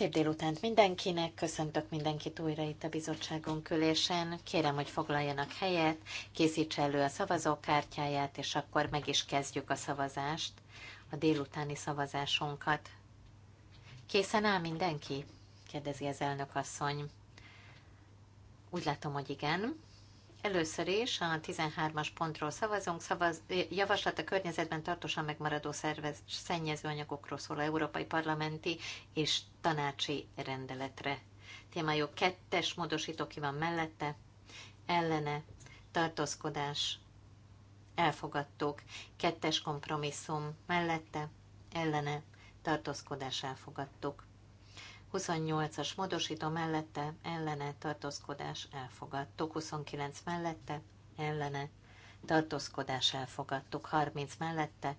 Szép délutánt mindenkinek, köszöntök mindenkit újra itt a bizottságunk ülésen. Kérem, hogy foglaljanak helyet, Készíts elő a szavazókártyáját, és akkor meg is kezdjük a szavazást, a délutáni szavazásunkat. Készen áll mindenki? kérdezi az elnök asszony. Úgy látom, hogy igen. Először is a 13-as pontról szavazunk. Szavaz, javaslat a környezetben tartósan megmaradó szervez, szennyezőanyagokról a európai parlamenti és tanácsi rendeletre. Témájú kettes módosító ki van mellette, ellene, tartózkodás, elfogadtuk, kettes kompromisszum mellette, ellene, tartózkodás elfogadtuk. 28-as módosító mellette ellene tartózkodás elfogadtuk, 29 mellette ellene tartózkodás elfogadtuk, 30 mellette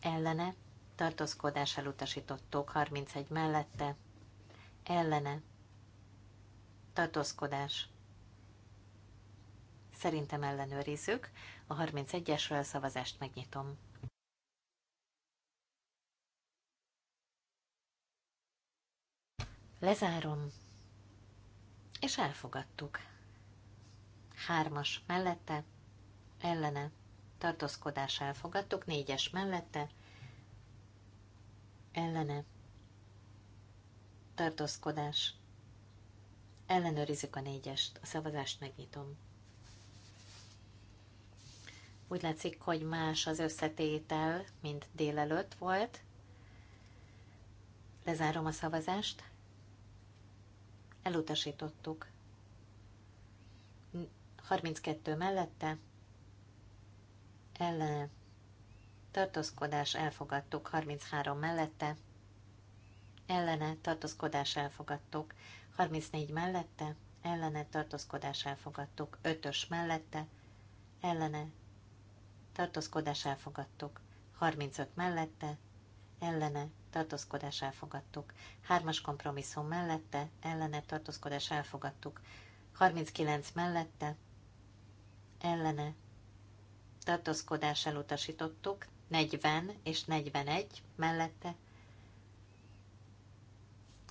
ellene tartózkodás elutasítottuk, 31 mellette ellene tartózkodás Szerintem ellenőrizzük. A 31-esről szavazást megnyitom. Lezárom, és elfogadtuk. Hármas mellette, ellene, tartózkodás elfogadtuk, négyes mellette, ellene, tartózkodás. Ellenőrizzük a négyest, a szavazást megnyitom. Úgy látszik, hogy más az összetétel, mint délelőtt volt. Lezárom a szavazást elutasítottuk. 32 mellette, ellene, tartózkodás elfogadtuk, 33 mellette, ellene, tartózkodás elfogadtuk, 34 mellette, ellene, tartózkodás elfogadtuk, 5-ös mellette, ellene, tartózkodás elfogadtuk, 35 mellette, ellene tartózkodás elfogadtuk. Hármas kompromisszum mellette, ellene tartózkodás elfogadtuk. 39 mellette, ellene tartózkodás elutasítottuk. 40 és 41 mellette,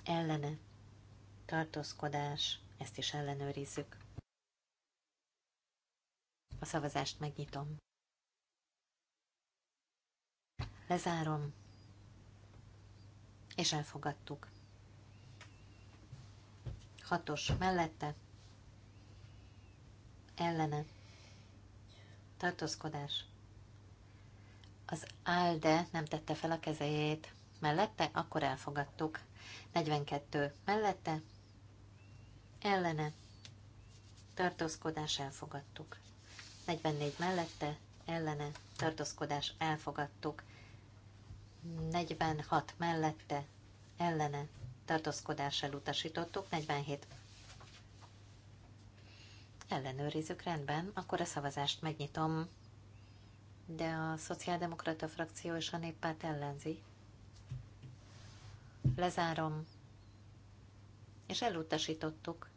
ellene tartózkodás, ezt is ellenőrizzük. A szavazást megnyitom. Lezárom és elfogadtuk. Hatos mellette, ellene, tartózkodás. Az álde nem tette fel a kezejét. Mellette, akkor elfogadtuk. 42 mellette, ellene, tartózkodás elfogadtuk. 44 mellette, ellene, tartózkodás elfogadtuk. 46 mellette ellene tartózkodás elutasítottuk, 47 ellenőrizzük, rendben, akkor a szavazást megnyitom, de a szociáldemokrata frakció és a néppárt ellenzi. Lezárom, és elutasítottuk.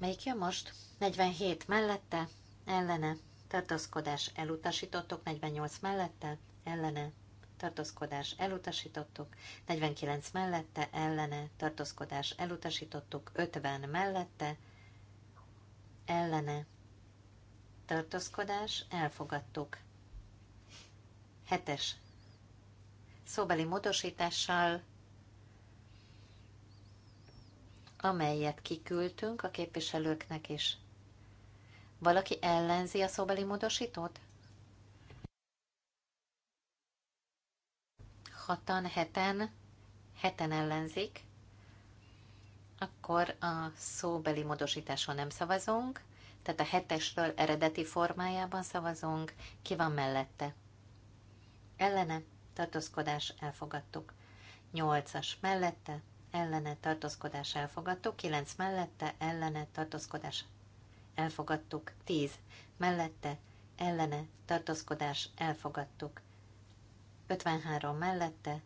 Melyik jön most? 47 mellette, ellene, tartózkodás elutasítottok 48 mellette, ellene, tartózkodás elutasítottok 49 mellette, ellene, tartózkodás elutasítottok 50 mellette, ellene, tartózkodás elfogadtuk. 7 szóbeli módosítással, amelyet kiküldtünk a képviselőknek is. Valaki ellenzi a szóbeli módosítót? Hatan, heten, heten ellenzik. Akkor a szóbeli módosításon nem szavazunk, tehát a hetesről eredeti formájában szavazunk. Ki van mellette? Ellene, tartózkodás, elfogadtuk. Nyolcas mellette, ellene, tartózkodás, elfogadtuk. Kilenc mellette, ellene, tartózkodás, elfogadtuk. 10 mellette, ellene, tartózkodás, elfogadtuk. 53 mellette,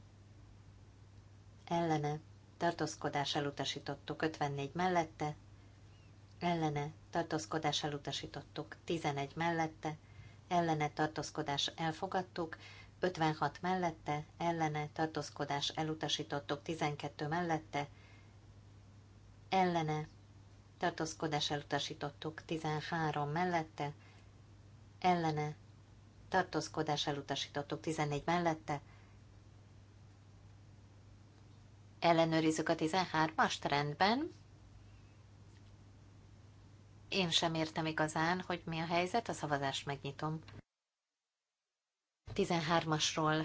ellene, tartózkodás elutasítottuk. 54 mellette, ellene, tartózkodás elutasítottuk. 11 mellette, ellene, tartózkodás elfogadtuk. 56 mellette, ellene, tartózkodás elutasítottuk. 12 mellette, ellene, tartózkodás elutasítottuk 13 mellette, ellene, tartózkodás elutasítottuk 14 mellette, ellenőrizzük a 13-ast rendben. Én sem értem igazán, hogy mi a helyzet, a szavazást megnyitom. 13-asról.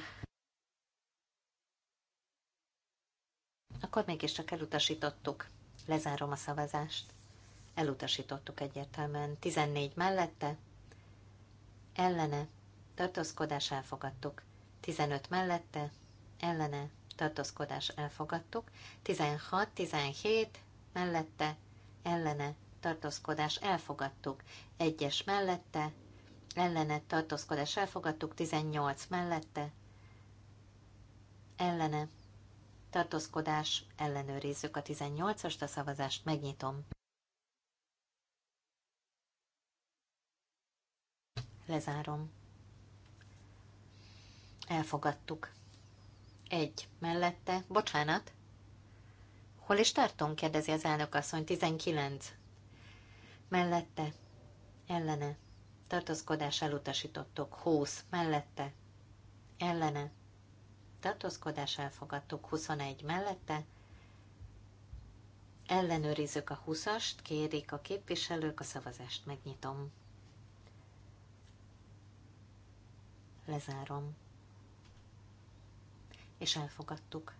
Akkor mégiscsak elutasítottuk. Lezárom a szavazást elutasítottuk egyértelműen. 14 mellette, ellene, tartózkodás elfogadtuk. 15 mellette, ellene, tartózkodás elfogadtuk. 16, 17 mellette, ellene, tartózkodás elfogadtuk. 1-es mellette, ellene, tartózkodás elfogadtuk. 18 mellette, ellene, tartózkodás, ellenőrizzük a 18-ast, a szavazást megnyitom. Lezárom. Elfogadtuk. Egy. Mellette. Bocsánat. Hol is tartunk? kérdezi az asszony. 19. Mellette. Ellene. Tartózkodás elutasítottuk. 20. Mellette. Ellene. Tartózkodás elfogadtuk. 21. Mellette. Ellenőrizzük a 20-ast, kérik a képviselők, a szavazást megnyitom. lezárom. És elfogadtuk.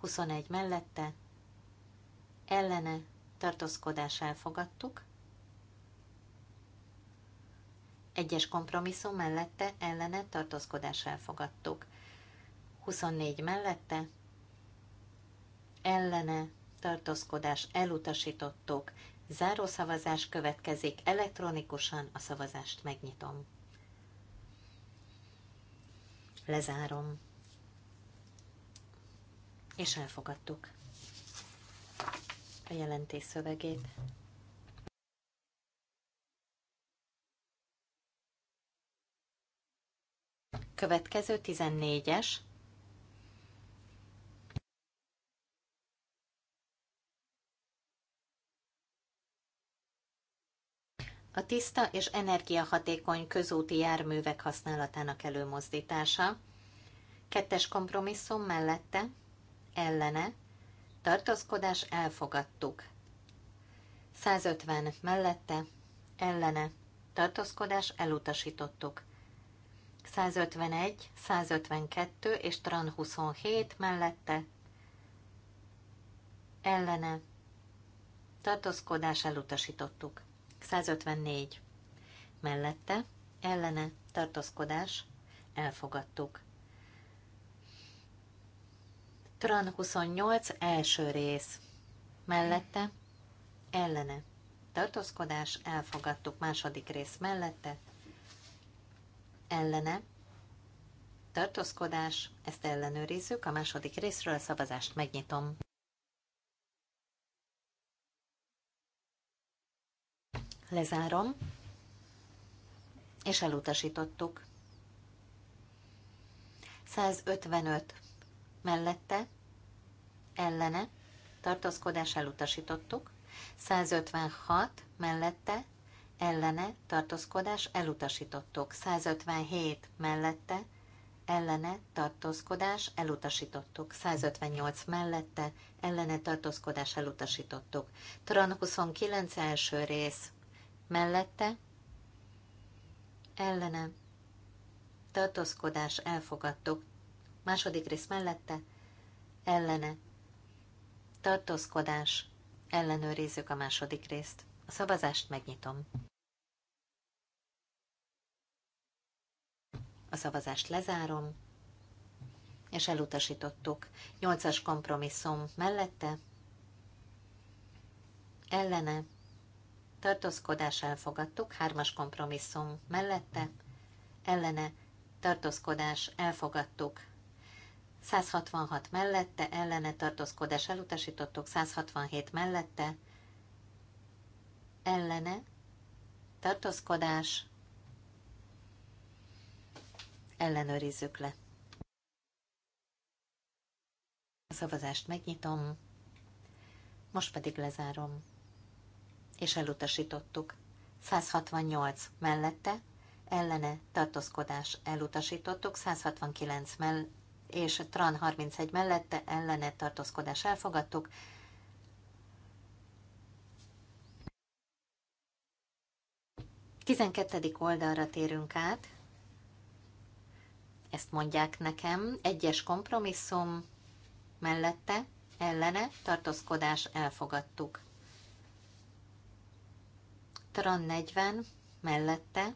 21 mellette, ellene, tartózkodás elfogadtuk. Egyes kompromisszum mellette, ellene, tartózkodás elfogadtuk. 24 mellette, ellene, tartózkodás elutasítottuk. Zárószavazás következik elektronikusan, a szavazást megnyitom. Lezárom. És elfogadtuk a jelentés szövegét. Következő 14-es a tiszta és energiahatékony közúti járművek használatának előmozdítása, kettes kompromisszum mellette, ellene, tartózkodás elfogadtuk. 150 mellette, ellene, tartózkodás elutasítottuk. 151, 152 és Tran 27 mellette, ellene, tartózkodás elutasítottuk. 154. Mellette, ellene, tartózkodás, elfogadtuk. Tran 28. Első rész. Mellette, ellene, tartózkodás, elfogadtuk. Második rész mellette, ellene, tartózkodás, ezt ellenőrizzük, a második részről a szavazást megnyitom. Lezárom. És elutasítottuk. 155 mellette, ellene, tartózkodás elutasítottuk. 156 mellette, ellene, tartózkodás elutasítottuk. 157 mellette, ellene tartózkodás elutasítottuk. 158 mellette ellene tartózkodás elutasítottuk. Tran 29 első rész mellette, ellene, tartózkodás elfogadtuk, második rész mellette, ellene, tartózkodás, ellenőrizzük a második részt. A szavazást megnyitom. A szavazást lezárom, és elutasítottuk. Nyolcas kompromisszum mellette, ellene, tartózkodás elfogadtuk, hármas kompromisszum mellette, ellene, tartózkodás elfogadtuk, 166 mellette, ellene tartózkodás elutasítottuk, 167 mellette, ellene tartózkodás ellenőrizzük le. A szavazást megnyitom, most pedig lezárom és elutasítottuk. 168 mellette, ellene tartózkodás elutasítottuk, 169 mell és Tran 31 mellette ellene tartózkodás elfogadtuk, Tizenkettedik oldalra térünk át, ezt mondják nekem, egyes kompromisszum mellette, ellene, tartózkodás elfogadtuk. Tran 40 mellette,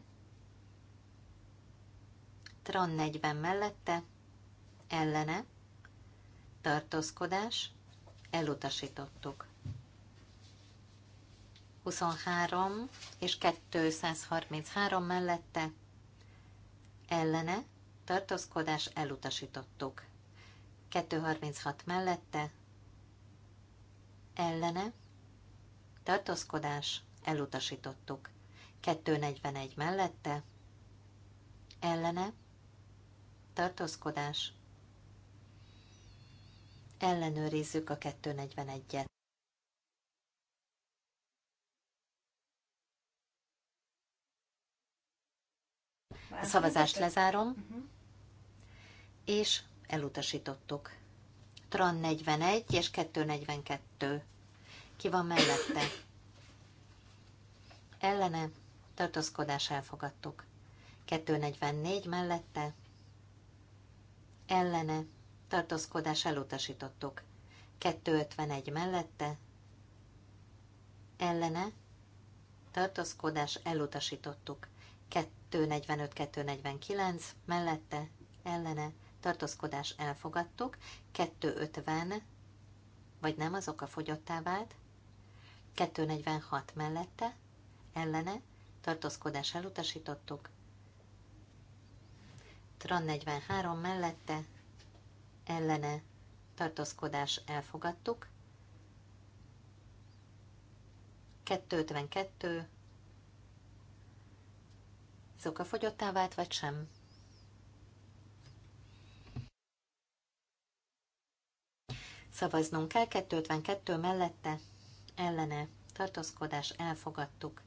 Tran 40 mellette, ellene, tartózkodás, elutasítottuk. 23 és 233 mellette, ellene, tartózkodás, elutasítottuk. 236 mellette, ellene, tartózkodás, elutasítottuk. 241 mellette, ellene, tartózkodás, ellenőrizzük a 241-et. A szavazást lezárom, mhm. és elutasítottuk. Tran 41 és 242. Ki van mellette? ellene, tartózkodás elfogadtuk. 244 mellette, ellene, tartózkodás elutasítottuk. 251 mellette, ellene, tartózkodás elutasítottuk. 245-249 mellette, ellene, tartózkodás elfogadtuk. 250, vagy nem, azok a fogyottá vált. 246 mellette, ellene, tartózkodás elutasítottuk. Tran 43 mellette, ellene, tartózkodás elfogadtuk. 252 fogyottá vált, vagy sem? Szavaznunk kell 252 mellette, ellene, tartózkodás elfogadtuk.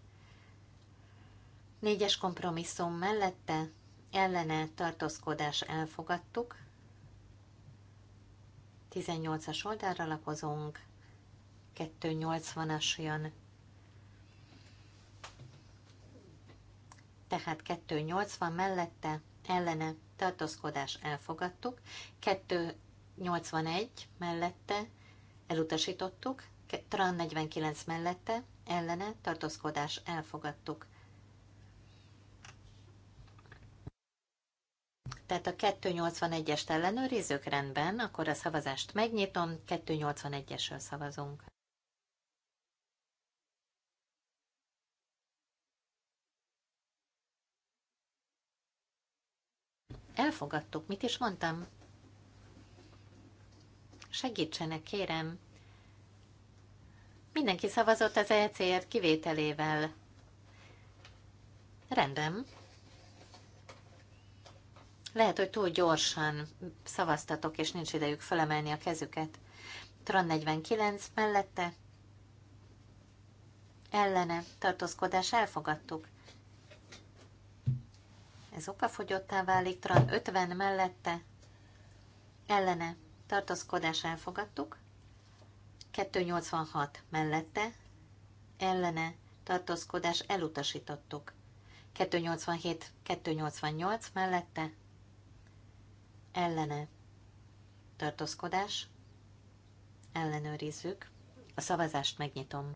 Négyes kompromisszum mellette ellene tartózkodás elfogadtuk. 18-as oldalra lapozunk, 280-as jön. Tehát 280 mellette ellene tartózkodás elfogadtuk, 281 mellette elutasítottuk, Tran 49 mellette ellene tartózkodás elfogadtuk. Tehát a 281-est ellenőrizzük rendben, akkor a szavazást megnyitom, 281-esről szavazunk. Elfogadtuk, mit is mondtam? Segítsenek, kérem. Mindenki szavazott az ECR kivételével. Rendben. Lehet, hogy túl gyorsan szavaztatok, és nincs idejük felemelni a kezüket. Tron 49 mellette ellene tartózkodás elfogadtuk. Ez okafogyottá válik, Tron 50 mellette ellene tartózkodás elfogadtuk. 286 mellette ellene tartózkodás elutasítottuk. 287-288 mellette ellene tartózkodás, ellenőrizzük, a szavazást megnyitom.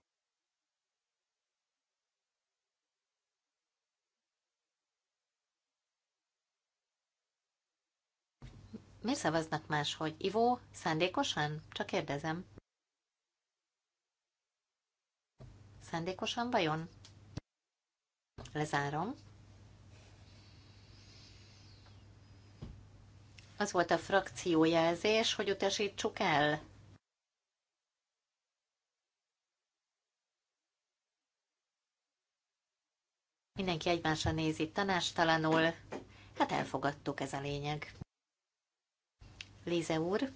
Miért szavaznak máshogy? Ivó, szándékosan? Csak kérdezem. Szándékosan vajon? Lezárom. Az volt a frakciójelzés, hogy utasítsuk el. Mindenki egymásra nézi tanástalanul. Hát elfogadtuk, ez a lényeg. Líze úr,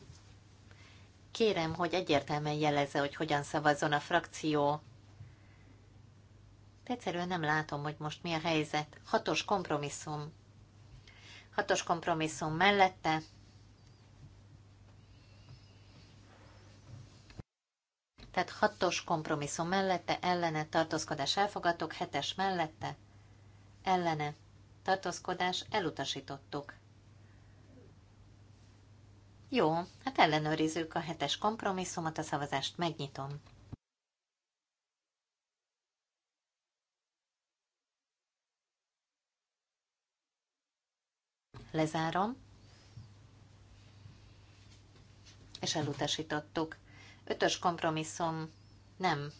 kérem, hogy egyértelműen jelezze, hogy hogyan szavazzon a frakció. De egyszerűen nem látom, hogy most mi a helyzet. Hatos kompromisszum. Hatos kompromisszum mellette. Tehát hatos kompromisszum mellette, ellene, tartózkodás elfogadtuk, hetes mellette, ellene, tartózkodás elutasítottuk. Jó, hát ellenőrizzük a hetes kompromisszumot, a szavazást megnyitom. Lezárom. És elutasítottuk. Ötös kompromisszum. Nem.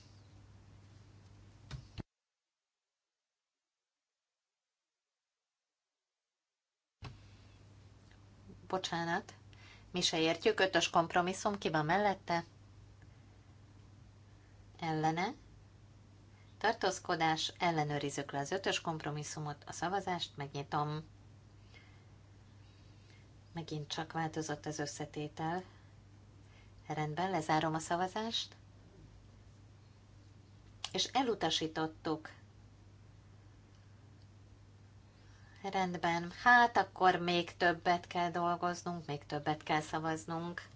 Bocsánat. Mi se értjük. Ötös kompromisszum. Ki van mellette? Ellene. Tartózkodás, ellenőrizzük le az ötös kompromisszumot, a szavazást megnyitom. Megint csak változott az összetétel. Rendben, lezárom a szavazást. És elutasítottuk. Rendben, hát akkor még többet kell dolgoznunk, még többet kell szavaznunk.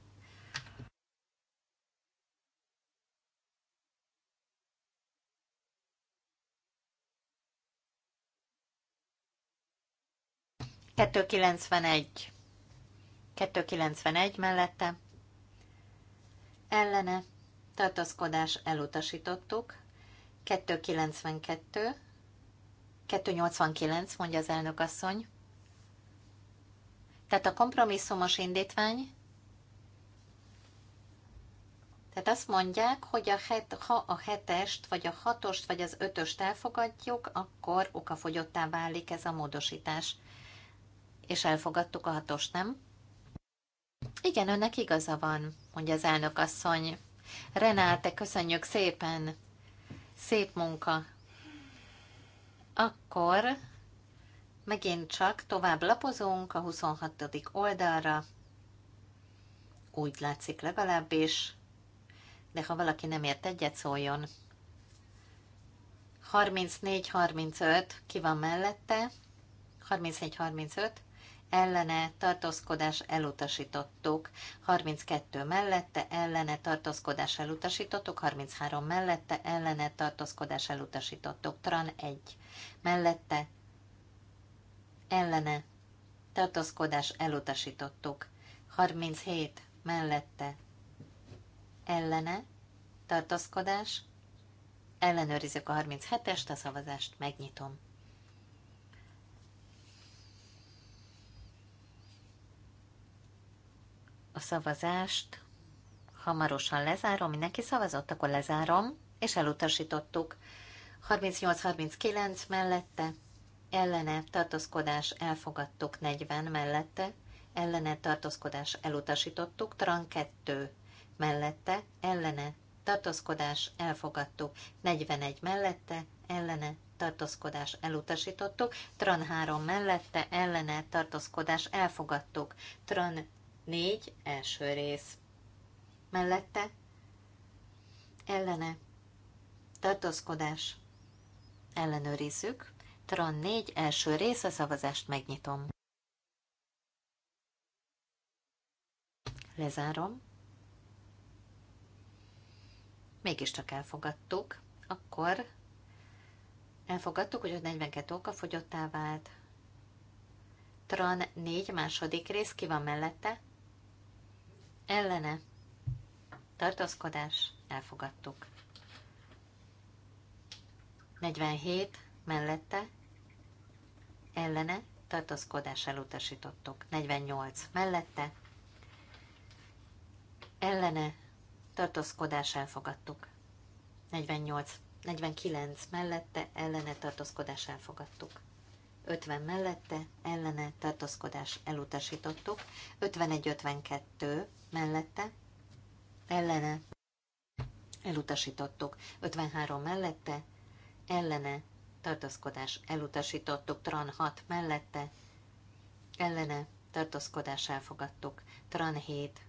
Kettő kilencvenegy. 291 mellette ellene tartózkodás elutasítottuk. 292, 289 mondja az elnök asszony. Tehát a kompromisszumos indítvány, tehát azt mondják, hogy a het, ha a hetest, vagy a hatost, vagy az ötöst elfogadjuk, akkor okafogyottá válik ez a módosítás. És elfogadtuk a hatost, nem? Igen, önnek igaza van, mondja az elnök asszony. Renáte, köszönjük szépen! Szép munka! Akkor megint csak tovább lapozunk a 26. oldalra. Úgy látszik legalábbis, de ha valaki nem ért egyet, szóljon. 34-35, ki van mellette? 34-35, ellene tartózkodás elutasítottuk, 32 mellette ellene tartózkodás elutasítottuk, 33 mellette ellene tartózkodás elutasítottuk, tran 1 mellette ellene tartózkodás elutasítottuk, 37 mellette ellene tartózkodás, ellenőrizzük a 37-est, a szavazást megnyitom. szavazást hamarosan lezárom. Mindenki szavazott, akkor lezárom, és elutasítottuk. 38-39 mellette, ellene tartózkodás elfogadtuk 40 mellette, ellene tartózkodás elutasítottuk, tran 2 mellette, ellene tartózkodás elfogadtuk, 41 mellette, ellene tartózkodás elutasítottuk, tran 3 mellette, ellene tartózkodás elfogadtuk, tran 4. Első rész. Mellette. Ellene. Tartózkodás. Ellenőrizzük. Tron 4. Első rész. A szavazást megnyitom. Lezárom. Mégiscsak elfogadtuk. Akkor elfogadtuk, hogy a 42 oka fogyottá vált. Tran 4. Második rész. Ki van mellette? ellene, tartózkodás, elfogadtuk. 47 mellette, ellene, tartózkodás elutasítottuk. 48 mellette, ellene, tartózkodás elfogadtuk. 48, 49 mellette, ellene, tartózkodás elfogadtuk. 50 mellette, ellene, tartózkodás elutasítottuk. 51-52 mellette, ellene, elutasítottuk. 53 mellette, ellene, tartózkodás, elutasítottuk. Tran 6 mellette, ellene, tartózkodás, elfogadtuk. Tran 7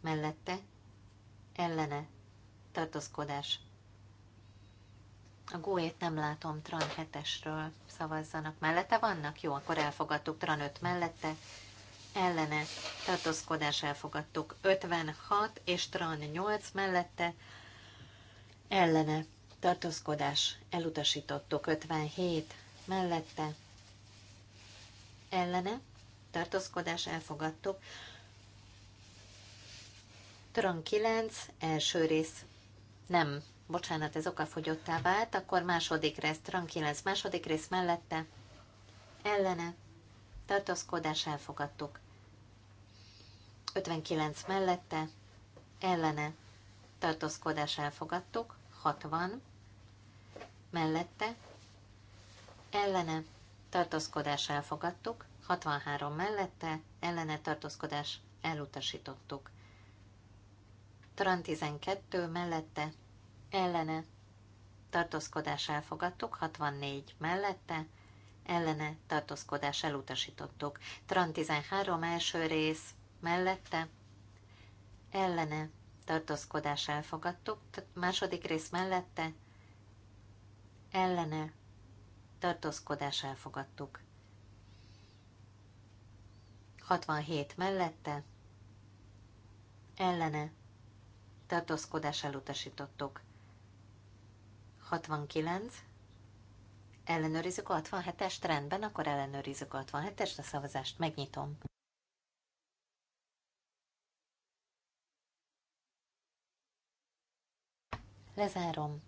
mellette, ellene, tartózkodás. A góét nem látom, Tran 7-esről szavazzanak. Mellette vannak? Jó, akkor elfogadtuk Tran 5 mellette, ellene tartózkodás elfogadtuk. 56 és Tran 8 mellette ellene tartózkodás elutasítottuk. 57 mellette ellene tartózkodás elfogadtuk. Tran 9 első rész nem, bocsánat, ez okafogyottá vált, akkor második rész, Tran 9 második rész mellette ellene tartózkodás elfogadtuk. 59 mellette, ellene, tartózkodás elfogadtuk, 60 mellette, ellene, tartózkodás elfogadtuk, 63 mellette, ellene tartózkodás elutasítottuk. Tran 12 mellette, ellene, tartózkodás elfogadtuk, 64 mellette, ellene tartózkodás elutasítottuk. Tran 13 első rész mellette ellene tartózkodás elfogadtuk, második rész mellette ellene tartózkodás elfogadtuk. 67 mellette ellene tartózkodás elutasítottuk. 69 Ellenőrizzük a 67-est, rendben, akkor ellenőrizzük a 67-est, a szavazást megnyitom. Lezárom.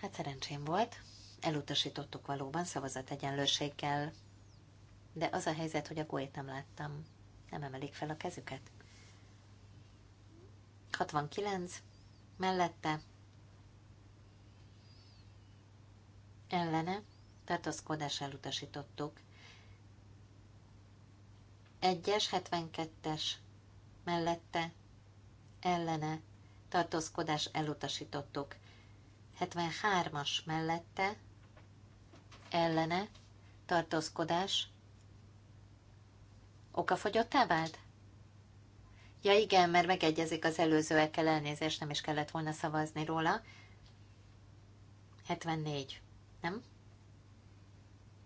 Hát szerencsém volt. Elutasítottuk valóban szavazat egyenlőséggel. De az a helyzet, hogy a golyt nem láttam. Nem emelik fel a kezüket. 69. Mellette ellene tartózkodás elutasítottuk. 1-es, 72-es mellette ellene tartózkodás elutasítottuk. 73-as mellette ellene tartózkodás okafogyottá vált? Ja igen, mert megegyezik az előzőekkel elnézést, nem is kellett volna szavazni róla. 74. Nem?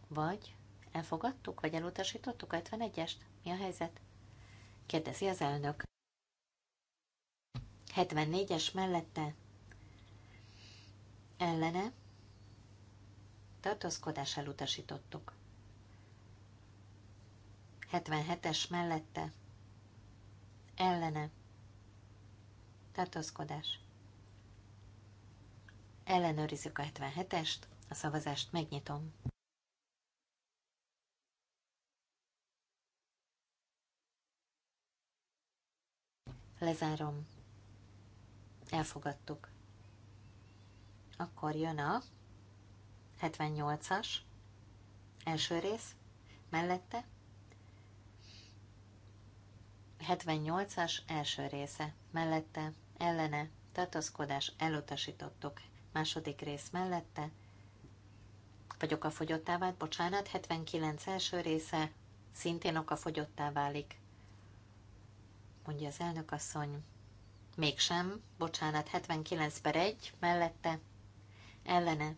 Vagy elfogadtuk, vagy elutasítottuk a 51-est? Mi a helyzet? Kérdezi az elnök. 74-es mellette ellene tartózkodás elutasítottuk. 77-es mellette ellene tartózkodás. Ellenőrizzük a 77-est. A szavazást megnyitom. Lezárom. Elfogadtuk. Akkor jön a 78-as. Első rész. Mellette. 78-as első része. Mellette. Ellene. Tartózkodás. Elutasítottuk. Második rész mellette a fogyottá vált, bocsánat, 79 első része szintén fogyottá válik, mondja az elnökasszony. Mégsem, bocsánat, 79 per 1, mellette, ellene,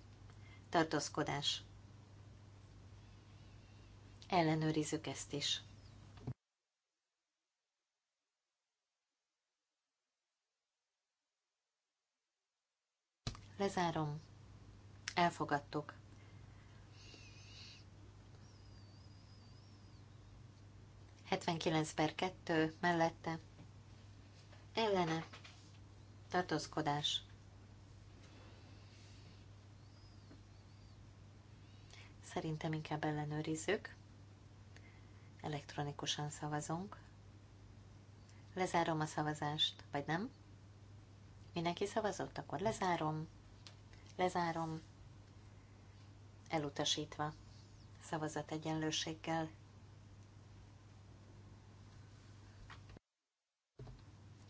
tartózkodás. Ellenőrizzük ezt is. Lezárom. Elfogadtuk. 79 per 2 mellette ellene tartózkodás. Szerintem inkább ellenőrizzük. Elektronikusan szavazunk. Lezárom a szavazást, vagy nem? Mindenki szavazott, akkor lezárom. Lezárom. Elutasítva. Szavazat egyenlőséggel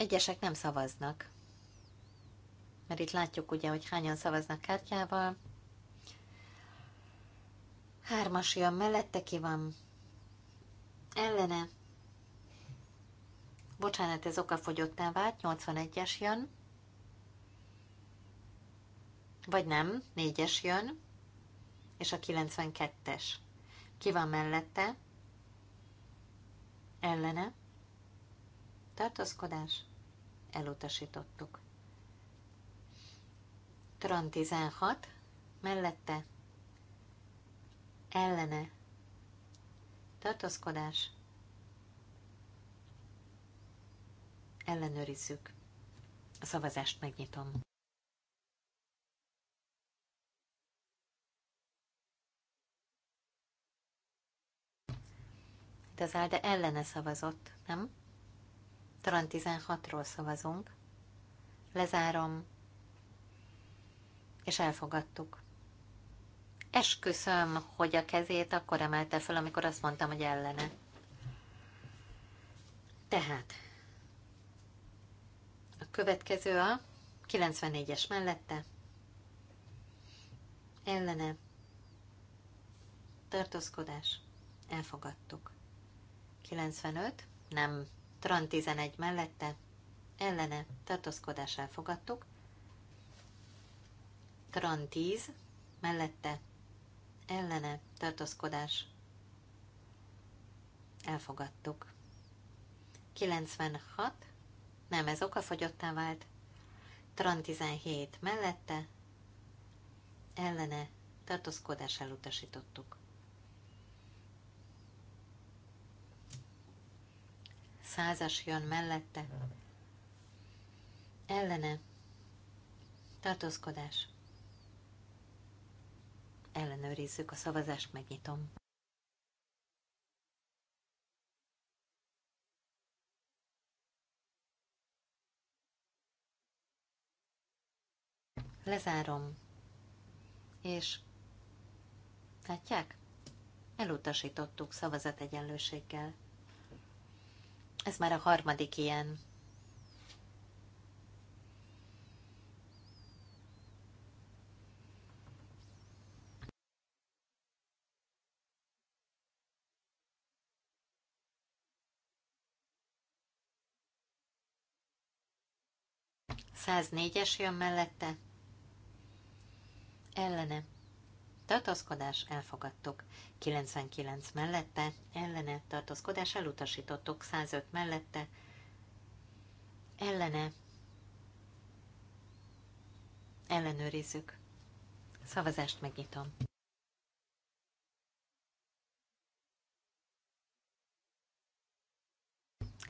Egyesek nem szavaznak. Mert itt látjuk ugye, hogy hányan szavaznak kártyával. Hármas jön mellette, ki van ellene. Bocsánat, ez okafogyottá vált, 81-es jön. Vagy nem, 4-es jön. És a 92-es. Ki van mellette? Ellene. Tartózkodás elutasítottuk. Tron 16, mellette, ellene, tartózkodás, ellenőrizzük. A szavazást megnyitom. Az áll, de ellene szavazott, nem? Talán 16-ról szavazunk. Lezárom. És elfogadtuk. Esküszöm, hogy a kezét akkor emelte fel, amikor azt mondtam, hogy ellene. Tehát a következő a 94-es mellette ellene tartózkodás elfogadtuk. 95 nem Tran 11 mellette, ellene tartózkodás elfogadtuk. Tran 10 mellette, ellene tartózkodás elfogadtuk. 96 nem, ez okafogyottá vált. Tran 17 mellette, ellene tartózkodás elutasítottuk. százas jön mellette. Ellene. Tartózkodás. Ellenőrizzük a szavazást, megnyitom. Lezárom. És látják? Elutasítottuk szavazategyenlőséggel. Ez már a harmadik ilyen. Száz négyes jön mellette. Ellene tartózkodás elfogadtok. 99 mellette, ellene, tartózkodás elutasítottok 105 mellette, ellene, ellenőrizzük. Szavazást megnyitom.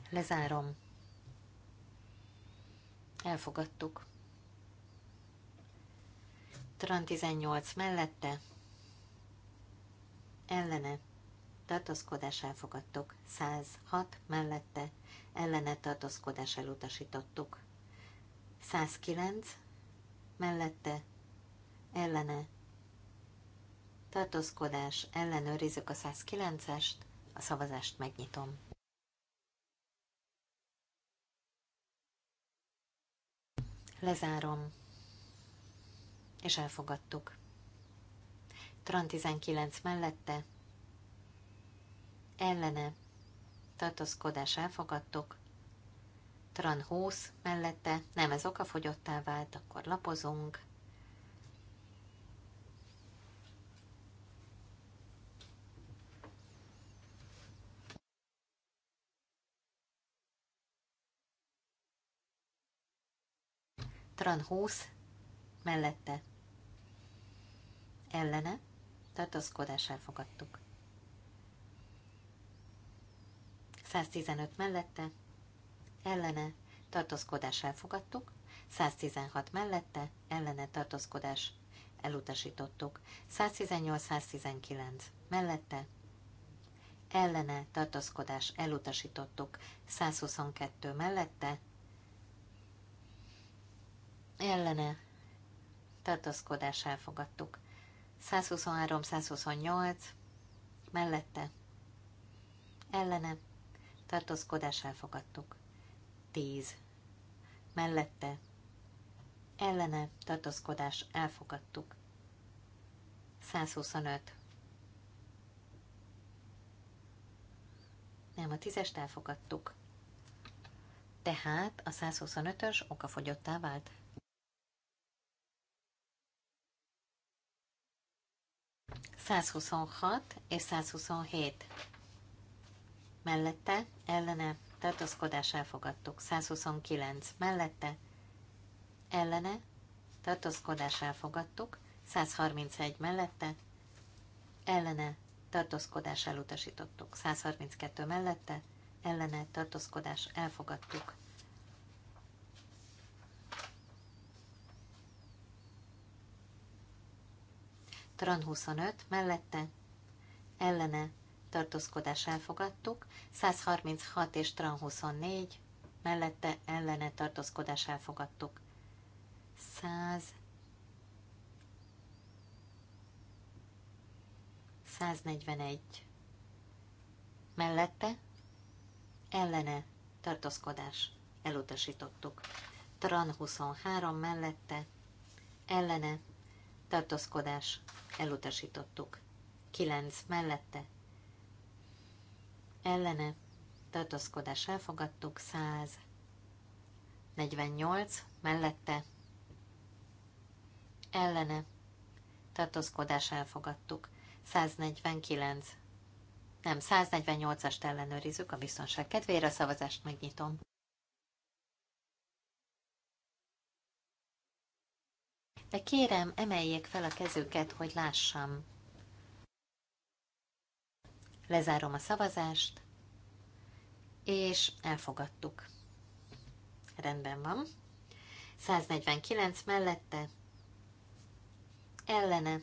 Lezárom. Elfogadtuk. Tran 18 mellette, ellene tartózkodás elfogadtuk, 106 mellette, ellene tartózkodás elutasítottuk, 109 mellette, ellene tartózkodás, ellenőrizzük a 109-est, a szavazást megnyitom. Lezárom és elfogadtuk. Tran 19 mellette, ellene, tartózkodás elfogadtuk. Tran 20 mellette, nem ez okafogyottá vált, akkor lapozunk. Tran 20 mellette, ellene tartózkodás elfogadtuk. 115 mellette ellene tartózkodás elfogadtuk, 116 mellette ellene tartózkodás elutasítottuk, 118-119 mellette ellene tartózkodás elutasítottuk, 122 mellette ellene tartózkodás elfogadtuk, 123-128 mellette ellene tartózkodás elfogadtuk. 10 mellette ellene tartózkodás elfogadtuk. 125 Nem, a tízest elfogadtuk. Tehát a 125-ös okafogyottá vált. 126 és 127 mellette, ellene, tartózkodás elfogadtuk. 129 mellette, ellene, tartózkodás elfogadtuk. 131 mellette, ellene, tartózkodás elutasítottuk. 132 mellette, ellene, tartózkodás elfogadtuk. TRAN 25 mellette ellene tartózkodás elfogadtuk, 136 és TRAN 24 mellette ellene tartózkodás elfogadtuk. 100 141 mellette ellene tartózkodás elutasítottuk. TRAN 23 mellette ellene tartózkodás, elutasítottuk. 9 mellette, ellene, tartózkodás, elfogadtuk, 100, 48 mellette, ellene, tartózkodás, elfogadtuk, 149, nem, 148-ast ellenőrizzük a biztonság kedvére, a szavazást megnyitom. de kérem, emeljék fel a kezüket, hogy lássam. Lezárom a szavazást, és elfogadtuk. Rendben van. 149 mellette, ellene,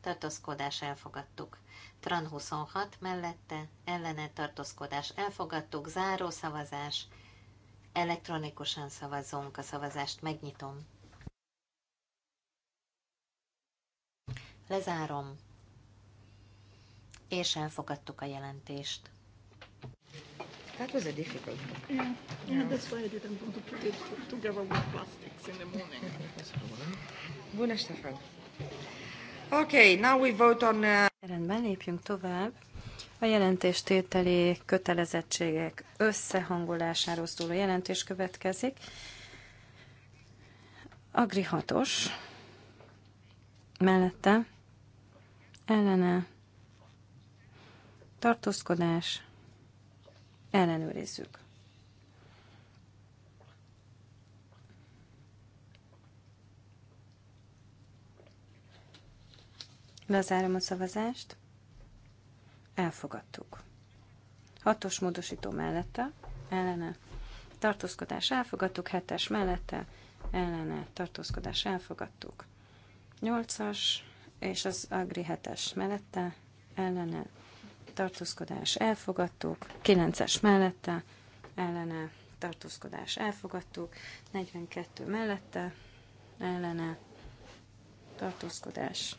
tartózkodás elfogadtuk. Tran 26 mellette, ellene tartózkodás elfogadtuk, záró szavazás, elektronikusan szavazunk, a szavazást megnyitom. Lezárom. És elfogadtuk a jelentést. That was a difficult one. Yeah, yeah, yeah. that's why I didn't want to put it together with plastics in the morning. Bună, Stefan. Okay, now we vote on... Uh... Rendben, lépjünk tovább. A jelentéstételi kötelezettségek összehangolásáról szóló jelentés következik. Agri 6-os mellette ellene, tartózkodás, ellenőrizzük. Lezárom a szavazást. Elfogadtuk. Hatos módosító mellette, ellene, tartózkodás elfogadtuk, hetes mellette, ellene, tartózkodás elfogadtuk. Nyolcas és az Agri 7-es mellette ellene tartózkodás elfogadtuk, 9-es mellette ellene tartózkodás elfogadtuk, 42 mellette ellene tartózkodás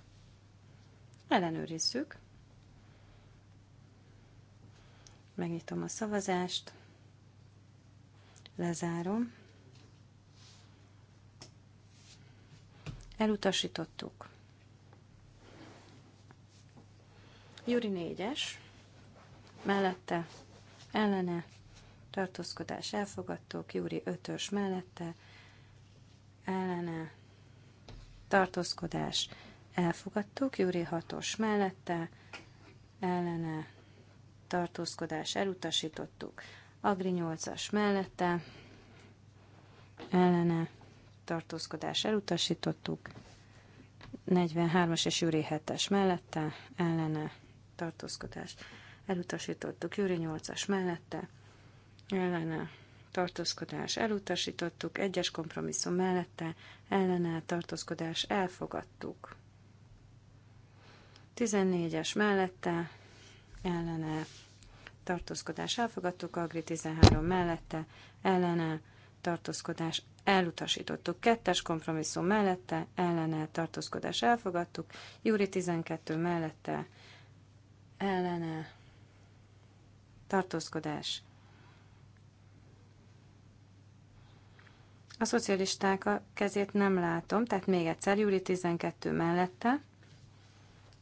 ellenőrizzük. Megnyitom a szavazást, lezárom. Elutasítottuk. Júri négyes, mellette, ellene, tartózkodás elfogadtok, Júri ötös mellette, ellene, tartózkodás elfogadtuk, Júri hatos mellette, ellene, tartózkodás elutasítottuk, Agri 8-as mellette, ellene, tartózkodás elutasítottuk, 43-as és Júri 7-es mellette, ellene, tartózkodás elutasítottuk. Júri 8-as mellette ellene tartózkodás elutasítottuk, egyes kompromisszum mellette ellene tartózkodás elfogadtuk. 14-es mellette ellene tartózkodás elfogadtuk, Agri 13 mellette ellene tartózkodás elutasítottuk. Kettes kompromisszum mellette ellene tartózkodás elfogadtuk, Júri 12 mellette ellene tartózkodás. A szocialisták a kezét nem látom, tehát még egyszer júli 12 mellette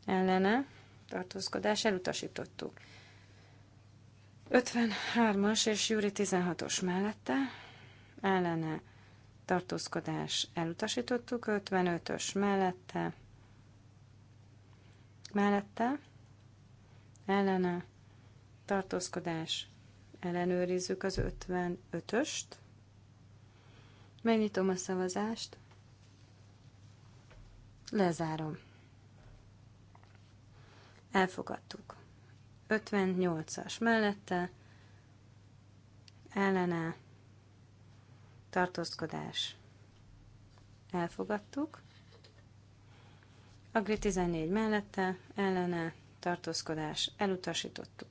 ellene tartózkodás elutasítottuk. 53-as és júri 16-os mellette ellene tartózkodás elutasítottuk, 55-ös mellette mellette ellene tartózkodás. Ellenőrizzük az 55-öst. Megnyitom a szavazást. Lezárom. Elfogadtuk. 58-as mellette ellene tartózkodás. Elfogadtuk. Agri 14 mellette ellene tartózkodás, elutasítottuk.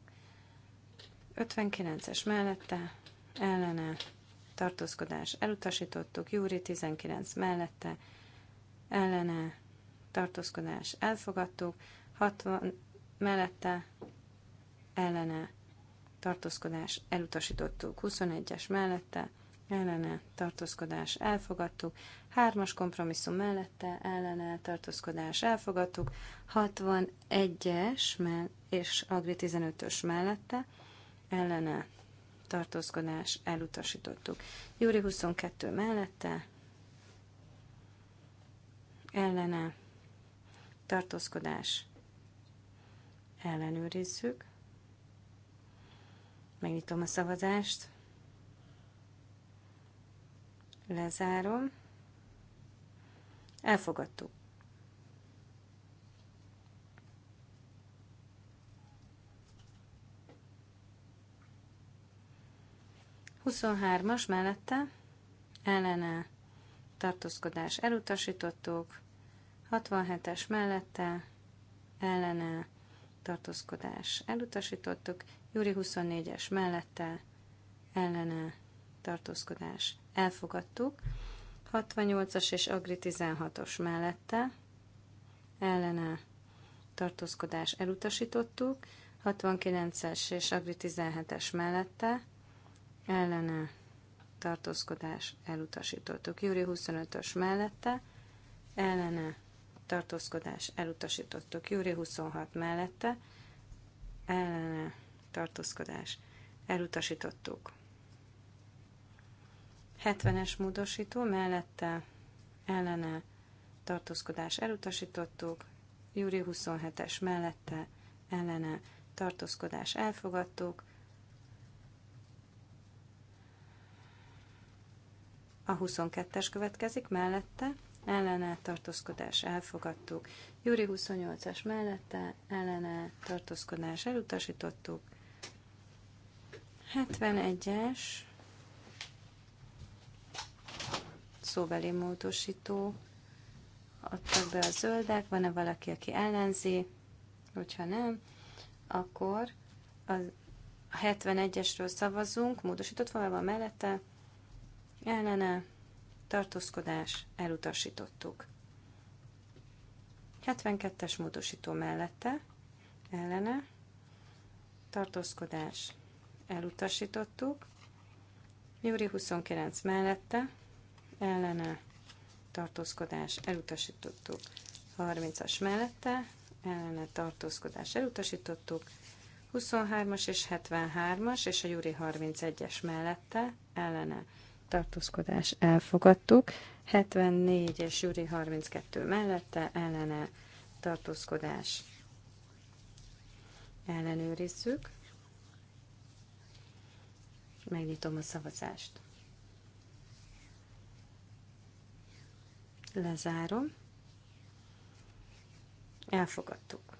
59-es mellette, ellene, tartózkodás, elutasítottuk. Júri 19 mellette, ellene, tartózkodás, elfogadtuk. 60 mellette, ellene, tartózkodás, elutasítottuk. 21-es mellette, ellene tartózkodás elfogadtuk, hármas kompromisszum mellette ellene tartózkodás elfogadtuk, 61-es és Agri 15-ös mellette ellene tartózkodás elutasítottuk. Júri 22 mellette ellene tartózkodás ellenőrizzük. Megnyitom a szavazást. Lezárom. Elfogadtuk. Huszonhármas mellette ellene tartózkodás elutasítottuk. 67-es mellette ellene tartózkodás elutasítottuk. Júri 24-es mellette ellene tartózkodás elfogadtuk. 68-as és Agri 16-os mellette ellene tartózkodás elutasítottuk. 69-es és Agri 17-es mellette ellene tartózkodás elutasítottuk. Júri 25-ös mellette ellene tartózkodás elutasítottuk. Júri 26 mellette ellene tartózkodás elutasítottuk. 70-es módosító mellette ellene tartózkodás elutasítottuk, Júri 27-es mellette ellene tartózkodás elfogadtuk, a 22-es következik mellette, ellene tartózkodás elfogadtuk, Júri 28-as mellette ellene tartózkodás elutasítottuk, 71-es szóbeli módosító adtak be a zöldek, van-e valaki, aki ellenzi, hogyha nem, akkor a 71-esről szavazunk, módosított van mellette, ellene, tartózkodás, elutasítottuk. 72-es módosító mellette, ellene, tartózkodás, elutasítottuk. Júri 29 mellette, ellene tartózkodás elutasítottuk. 30-as mellette ellene tartózkodás elutasítottuk. 23-as és 73-as és a Júri 31-es mellette ellene tartózkodás elfogadtuk. 74 és Júri 32 mellette ellene tartózkodás ellenőrizzük. Megnyitom a szavazást. Lezárom. Elfogadtuk.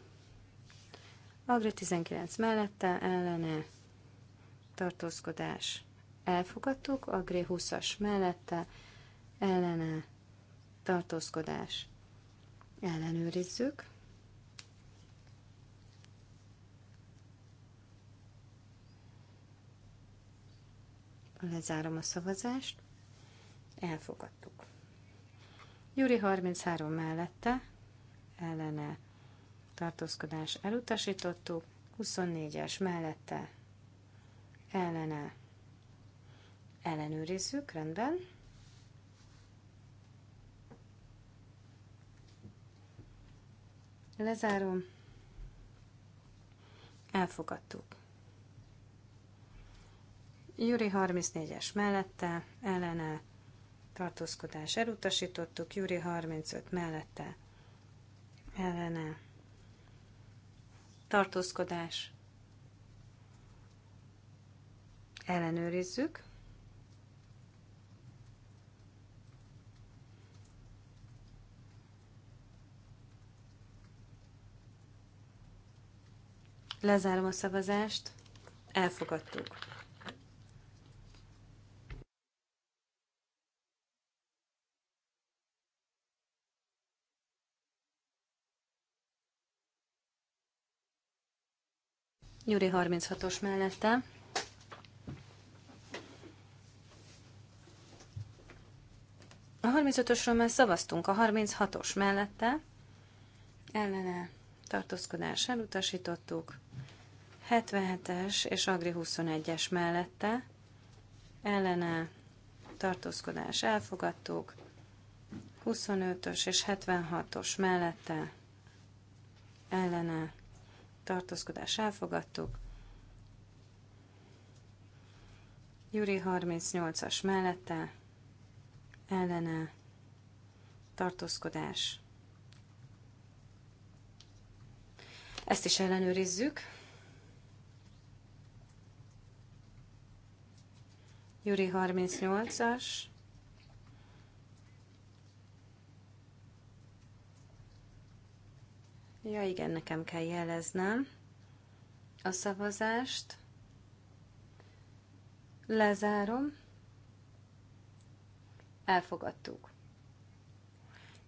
Agri 19 mellette, ellene, tartózkodás. Elfogadtuk. Agri 20-as mellette, ellene, tartózkodás. Ellenőrizzük. Lezárom a szavazást. Elfogadtuk. Júri 33 mellette ellene tartózkodás elutasítottuk, 24-es mellette ellene ellenőrizzük, rendben. Lezárom. Elfogadtuk. Júri 34-es mellette, ellene tartózkodás elutasítottuk, Júri 35 mellette ellene tartózkodás ellenőrizzük. Lezárom a szavazást, elfogadtuk. Gyuri 36-os mellette. A 35 osról már szavaztunk, a 36-os mellette. Ellene tartózkodás elutasítottuk. 77-es és Agri 21-es mellette. Ellene tartózkodás elfogadtuk. 25-ös és 76-os mellette ellene tartózkodás elfogadtuk. Júri 38-as mellette, ellene, tartózkodás. Ezt is ellenőrizzük. Júri 38-as. Ja, igen, nekem kell jeleznem a szavazást. Lezárom. Elfogadtuk.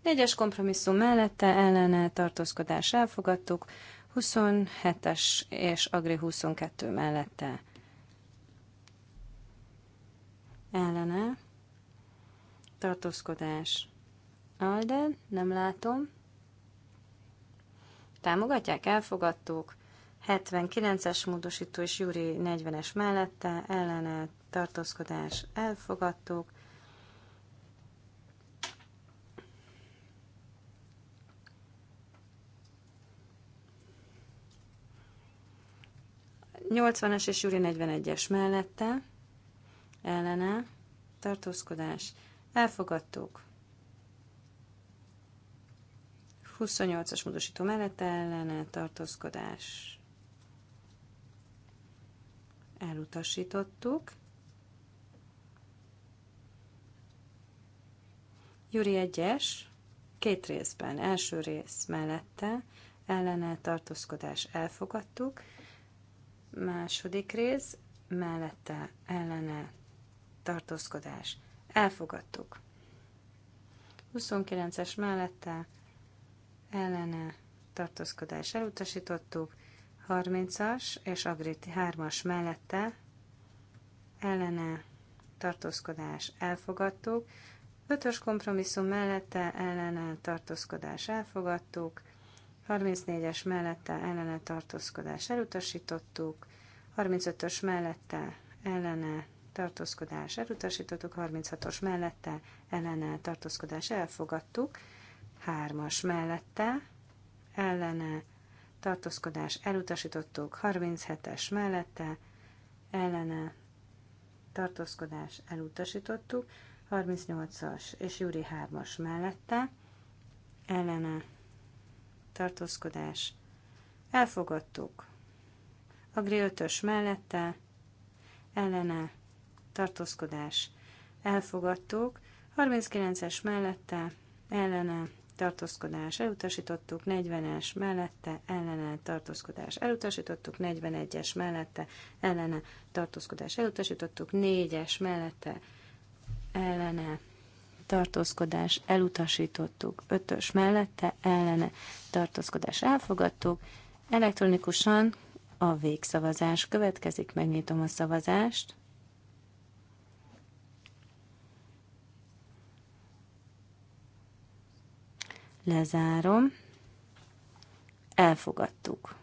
Négyes kompromisszum mellette ellene tartózkodás elfogadtuk. 27-es és Agri 22 mellette ellene tartózkodás. Alden, nem látom támogatják, elfogadtuk. 79-es módosító és Júri 40-es mellette ellene tartózkodás elfogadtuk. Nyolcvanas és Júri 41-es mellette ellene tartózkodás elfogadtuk. 28-as módosító mellette ellene tartózkodás. Elutasítottuk. Júri 1-es, két részben, első rész mellette ellene tartózkodás elfogadtuk, második rész mellette ellene tartózkodás elfogadtuk. 29-es mellette ellene tartózkodás elutasítottuk, 30-as és Agriti 3-as mellette ellene tartózkodás elfogadtuk, 5-ös kompromisszum mellette ellene tartózkodás elfogadtuk, 34-es mellette ellene tartózkodás elutasítottuk, 35-ös mellette ellene tartózkodás elutasítottuk, 36-os mellette ellene tartózkodás elfogadtuk, hármas mellette, ellene, tartózkodás elutasítottuk, 37-es mellette, ellene, tartózkodás elutasítottuk, 38-as és Júri 3-as mellette, ellene, tartózkodás elfogadtuk, Agri 5-ös mellette, ellene, tartózkodás elfogadtuk, 39-es mellette, ellene, tartózkodás elutasítottuk, 40-es mellette ellene tartózkodás elutasítottuk, 41-es mellette ellene tartózkodás elutasítottuk, 4-es mellette ellene tartózkodás elutasítottuk, 5-ös mellette ellene tartózkodás elfogadtuk, elektronikusan a végszavazás következik, megnyitom a szavazást. Lezárom. Elfogadtuk.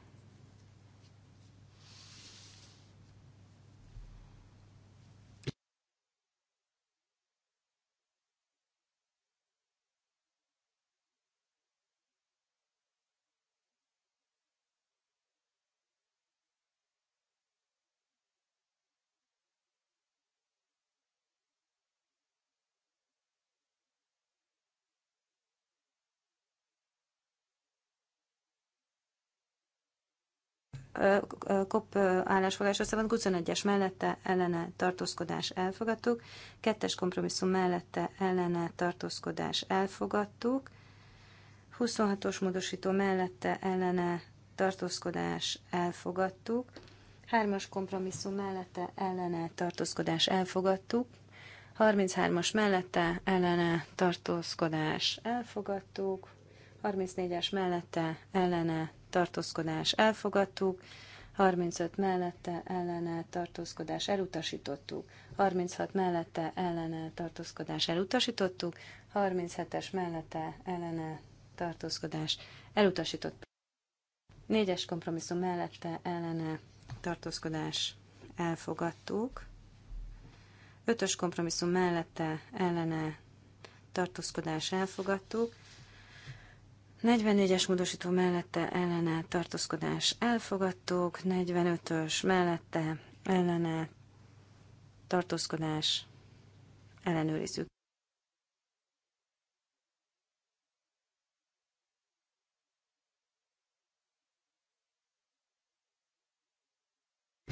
COP állásfoglalásra szabad 21-es mellette ellene tartózkodás elfogadtuk, kettes kompromisszum mellette ellene tartózkodás elfogadtuk, 26-os módosító mellette ellene tartózkodás elfogadtuk, 3-as kompromisszum mellette ellene tartózkodás elfogadtuk, 33-as mellette ellene tartózkodás elfogadtuk, 34-es mellette ellene tartózkodás elfogadtuk, 35 mellette ellene tartózkodás elutasítottuk, 36 mellette ellene tartózkodás elutasítottuk, 37-es mellette ellene tartózkodás elutasítottuk. 4-es kompromisszum mellette ellene tartózkodás elfogadtuk, 5-ös kompromisszum mellette ellene tartózkodás elfogadtuk, 44-es módosító mellette ellene tartózkodás elfogadtuk, 45-ös mellette ellene tartózkodás ellenőrizzük.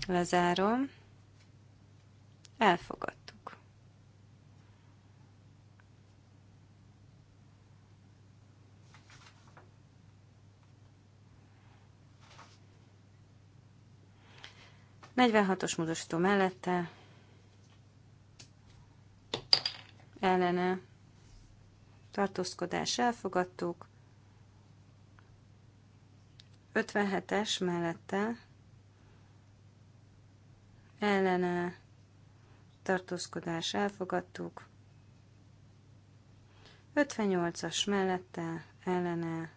Lezárom. Elfogadt. 46-os módosító mellette ellene tartózkodás elfogadtuk. 57-es mellette ellene tartózkodás elfogadtuk. 58-as mellette ellene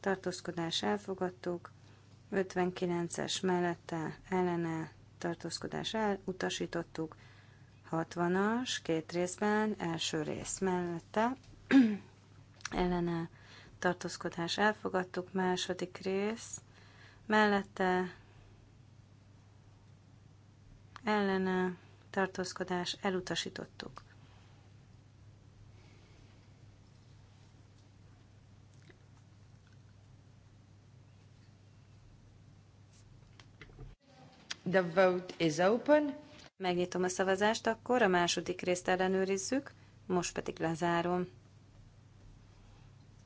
tartózkodás elfogadtuk. 59-es mellette ellene tartózkodás elutasítottuk. 60-as, két részben, első rész mellette ellene tartózkodás elfogadtuk, második rész mellette ellene tartózkodás elutasítottuk. The vote is open. Megnyitom a szavazást, akkor a második részt ellenőrizzük, most pedig lezárom.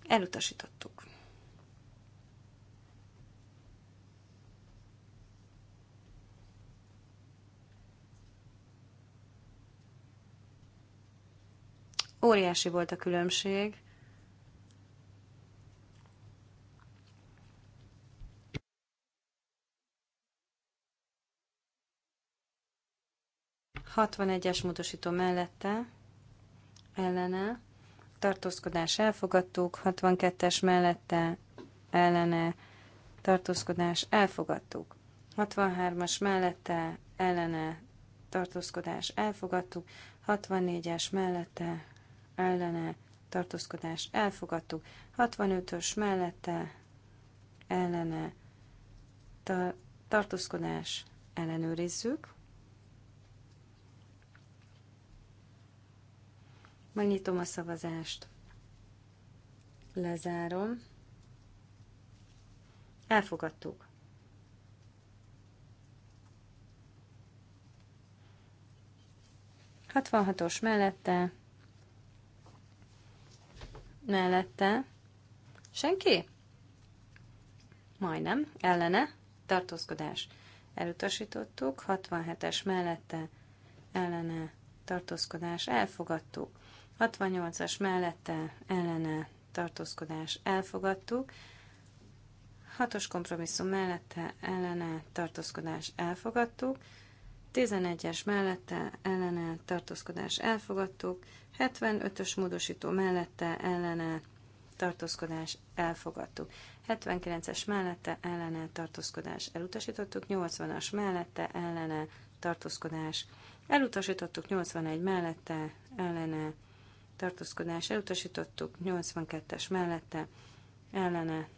Elutasítottuk. Óriási volt a különbség 61-es módosító mellette, ellene, tartózkodás elfogadtuk, 62-es mellette, ellene, tartózkodás elfogadtuk, 63-as mellette, ellene, tartózkodás elfogadtuk, 64-es mellette, ellene, tartózkodás elfogadtuk, 65-ös mellette, ellene, tar- tartózkodás ellenőrizzük, Megnyitom a szavazást. Lezárom. Elfogadtuk. Hatvanhatos mellette. Mellette. Senki? Majdnem. Ellene. Tartózkodás. Elutasítottuk. 67-es mellette. Ellene. Tartózkodás. Elfogadtuk. 68-as mellette ellene tartózkodás elfogadtuk. 6-os kompromisszum mellette ellene tartózkodás elfogadtuk. 11-es mellette ellene tartózkodás elfogadtuk. 75-ös módosító mellette ellene tartózkodás elfogadtuk. 79-es mellette ellene tartózkodás elutasítottuk, 80-as mellette ellene tartózkodás elutasítottuk, 81 mellette ellene tartózkodás elutasítottuk, 82-es mellette ellene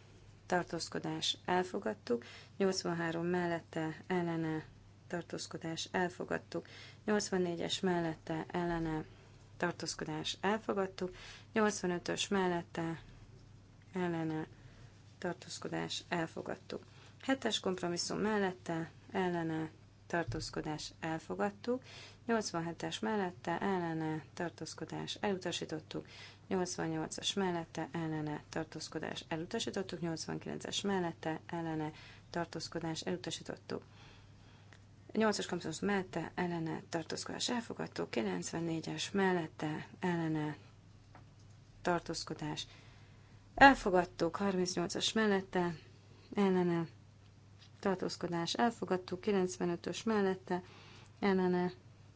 tartózkodás elfogadtuk, 83 mellette ellene tartózkodás elfogadtuk, 84-es mellette ellene tartózkodás elfogadtuk, 85-ös mellette ellene tartózkodás elfogadtuk. 7-es kompromisszum mellette ellene tartózkodás elfogadtuk, 87-es mellette ellene tartózkodás elutasítottuk, 88-as mellette ellene tartózkodás elutasítottuk, 89-es mellette ellene tartózkodás elutasítottuk. 8-as kompromisszus mellette ellene tartózkodás elfogadtó, 94-es mellette ellene tartózkodás elfogadtuk, 38-as mellette ellene tartózkodás elfogadtuk, 95-ös mellette ellene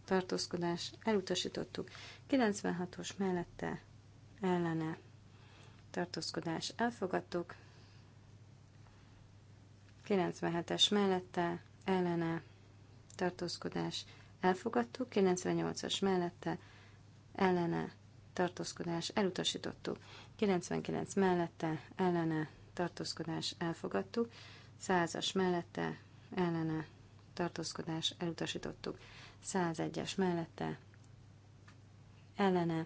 tartózkodás elutasítottuk, 96-os mellette ellene tartózkodás elfogadtuk, 97-es mellette ellene tartózkodás elfogadtuk, 98-as mellette ellene tartózkodás elutasítottuk, 99 mellette ellene tartózkodás elfogadtuk, 100-as mellette ellene tartózkodás elutasítottuk. 101-es mellette ellene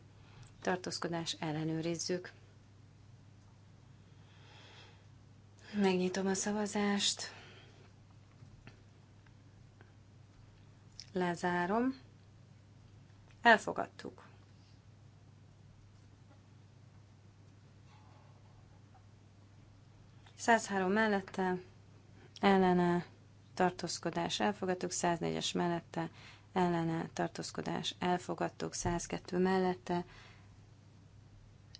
tartózkodás ellenőrizzük. Megnyitom a szavazást. Lezárom. Elfogadtuk. Százhárom mellette ellene tartózkodás elfogadtuk, 104-es mellette ellene tartózkodás elfogadtuk, 102 mellette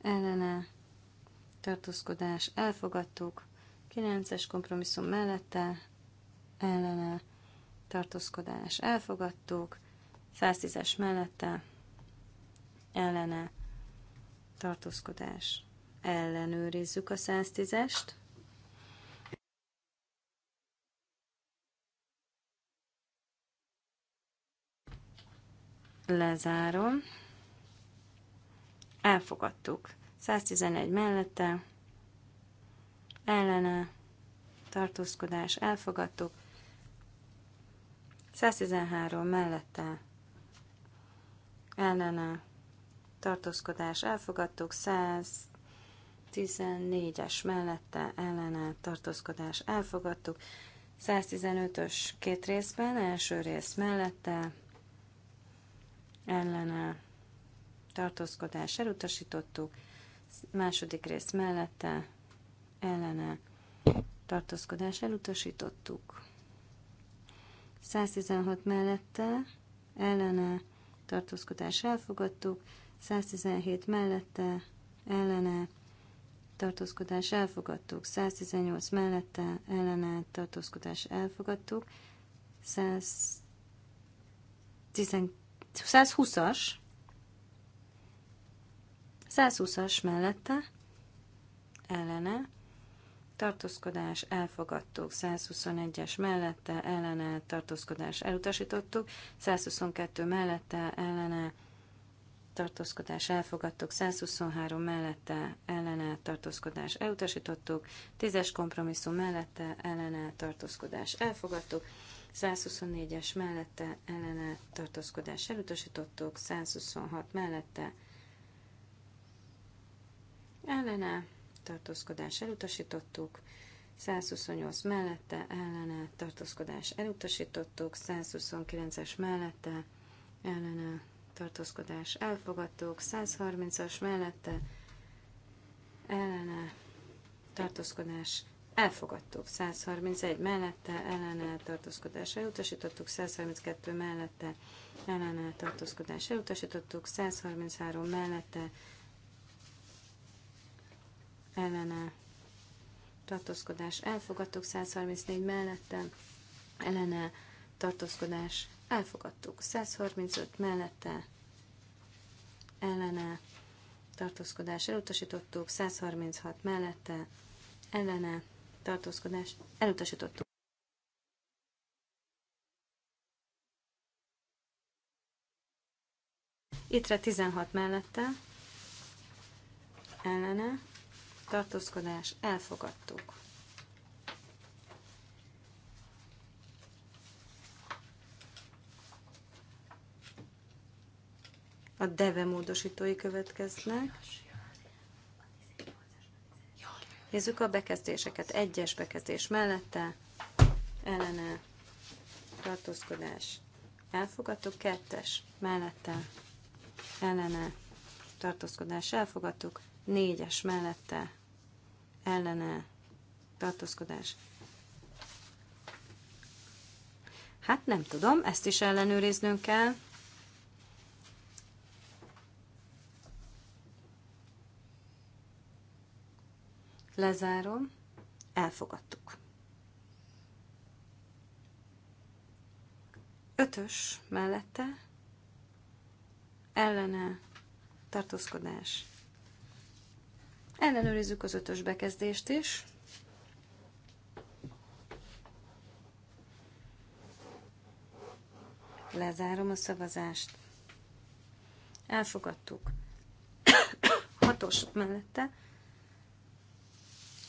ellene tartózkodás elfogadtuk, 9-es kompromisszum mellette ellene tartózkodás elfogadtuk, 110-es mellette ellene tartózkodás ellenőrizzük a 110-est. Lezárom. Elfogadtuk. 111 mellette, ellene, tartózkodás, elfogadtuk. 113 mellette, ellene, tartózkodás, elfogadtuk. 114-es mellette, ellene, tartózkodás, elfogadtuk. 115-ös két részben, első rész mellette, ellene tartózkodás elutasítottuk, második rész mellette ellene tartózkodás elutasítottuk. 116 mellette ellene tartózkodás elfogadtuk, 117 mellette ellene tartózkodás elfogadtuk, 118 mellette ellene tartózkodás elfogadtuk, 112 120-as. 120-as mellette ellene tartózkodás elfogadtuk, 121-es mellette ellene tartózkodás elutasítottuk, 122 mellette ellene tartózkodás elfogadtuk, 123 mellette ellene tartózkodás elutasítottuk, 10-es kompromisszum mellette ellene tartózkodás elfogadtuk, 124-es mellette ellene tartózkodás elutasítottuk, 126 mellette ellene tartózkodás elutasítottuk, 128 mellette ellene tartózkodás elutasítottuk, 129-es mellette ellene tartózkodás elfogadtuk, 130-as mellette ellene tartózkodás Elfogadtuk 131 mellette, ellen tartózkodás elutasítottuk, 132 mellette, ellen tartózkodás elutasítottuk, 133 mellette, ellen tartózkodás elfogadtuk, 134 mellette, ellen tartózkodás elfogadtuk, 135 mellette, ellen tartózkodás elutasítottuk, 136 mellette, ellene tartózkodás elutasítottuk. Ittre 16 mellette ellene tartózkodás elfogadtuk. A deve módosítói következnek. Nézzük a bekezdéseket. Egyes bekezdés mellette, ellene, tartózkodás. Elfogadtuk. Kettes mellette, ellene, tartózkodás. Elfogadtuk. Négyes mellette, ellene, tartózkodás. Hát nem tudom, ezt is ellenőriznünk kell. Lezárom. Elfogadtuk. Ötös mellette ellene tartózkodás. Ellenőrizzük az ötös bekezdést is. Lezárom a szavazást. Elfogadtuk. Hatos mellette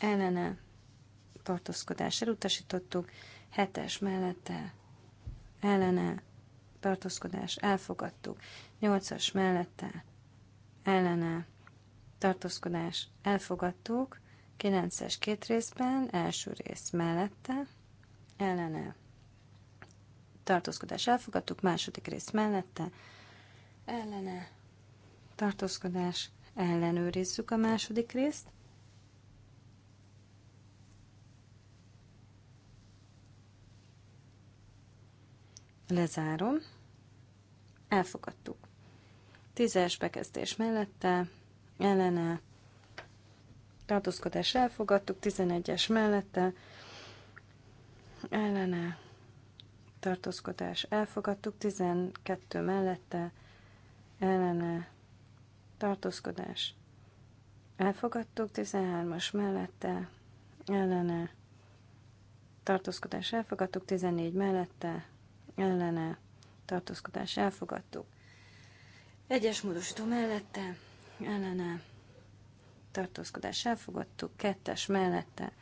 ellene tartózkodás elutasítottuk, hetes mellette ellene tartózkodás elfogadtuk, nyolcas mellette ellene tartózkodás elfogadtuk, kilences két részben, első rész mellette ellene tartózkodás elfogadtuk, második rész mellette ellene tartózkodás ellenőrizzük a második részt. Lezárom. Elfogadtuk. Tízes bekezdés mellette, ellene, tartózkodás elfogadtuk, 11-es mellette, ellene, tartózkodás elfogadtuk, 12 mellette, ellene, tartózkodás elfogadtuk, 13-as mellette, ellene, tartózkodás elfogadtuk, 14 mellette, ellene tartózkodás elfogadtuk. Egyes módosító mellette ellene tartózkodás elfogadtuk, kettes mellette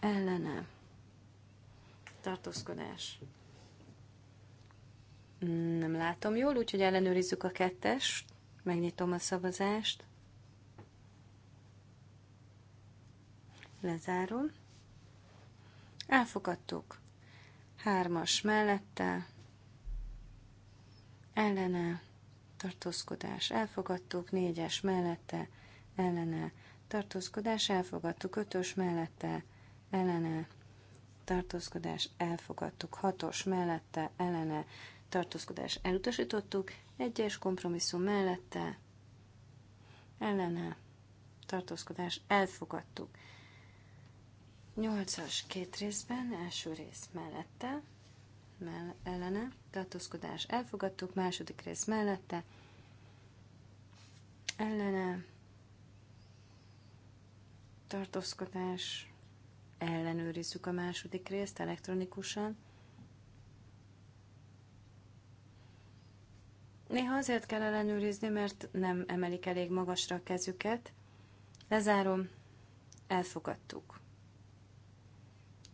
ellene tartózkodás. Nem látom jól, úgyhogy ellenőrizzük a kettest, megnyitom a szavazást, lezárom. Elfogadtuk hármas mellette, ellene, tartózkodás elfogadtuk, négyes mellette, ellene, tartózkodás elfogadtuk, ötös mellette, ellene, tartózkodás elfogadtuk, hatos mellette, ellene, tartózkodás elutasítottuk, egyes kompromisszum mellette, ellene, tartózkodás elfogadtuk. Nyolcas két részben, első rész mellette, mell ellene, tartózkodás elfogadtuk, második rész mellette, ellene, tartózkodás, ellenőrizzük a második részt elektronikusan. Néha azért kell ellenőrizni, mert nem emelik elég magasra a kezüket. Lezárom, elfogadtuk.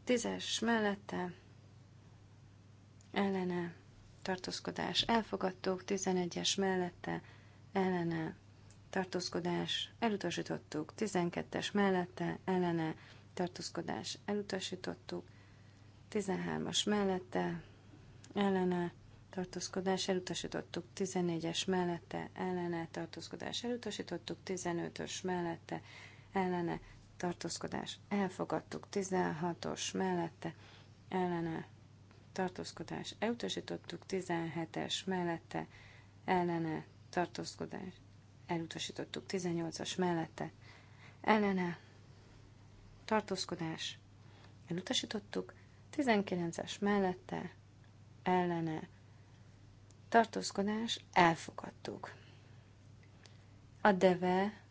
Tízes mellette ellene tartózkodás elfogadtuk, tizenegyes mellette ellene tartózkodás elutasítottuk, tizenkettes mellette ellene tartózkodás elutasítottuk, tizenhármas mellette ellene tartózkodás elutasítottuk, tizennégyes mellette ellene tartózkodás elutasítottuk, tizenötös mellette ellene tartózkodás elfogadtuk, 16-os mellette ellene tartózkodás elutasítottuk, 17-es mellette ellene tartózkodás elutasítottuk, 18-as mellette ellene tartózkodás elutasítottuk, 19-es mellette ellene tartózkodás elfogadtuk. A deve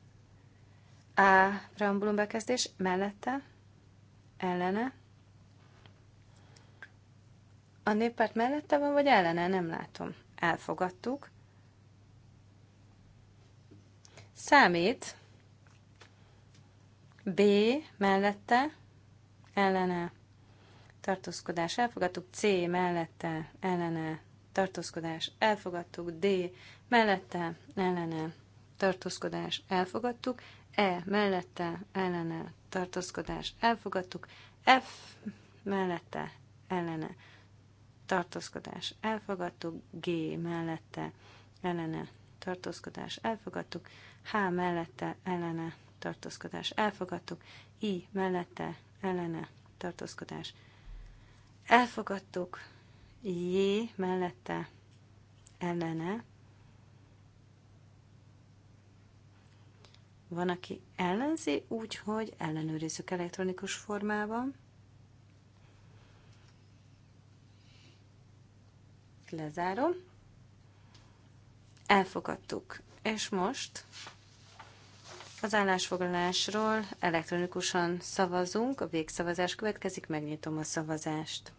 a preambulum bekezdés mellette, ellene. A néppárt mellette van, vagy ellene? Nem látom. Elfogadtuk. Számít. B mellette, ellene. Tartózkodás elfogadtuk. C mellette, ellene. Tartózkodás elfogadtuk. D mellette, ellene. Tartózkodás elfogadtuk. E mellette ellene tartózkodás elfogadtuk, F mellette ellene tartózkodás elfogadtuk, G mellette ellene tartózkodás elfogadtuk, H mellette ellene tartózkodás elfogadtuk, I mellette ellene tartózkodás elfogadtuk, J mellette ellene Van, aki ellenzi, úgyhogy ellenőrizzük elektronikus formában. Lezárom. Elfogadtuk. És most az állásfoglalásról elektronikusan szavazunk, a végszavazás következik, megnyitom a szavazást.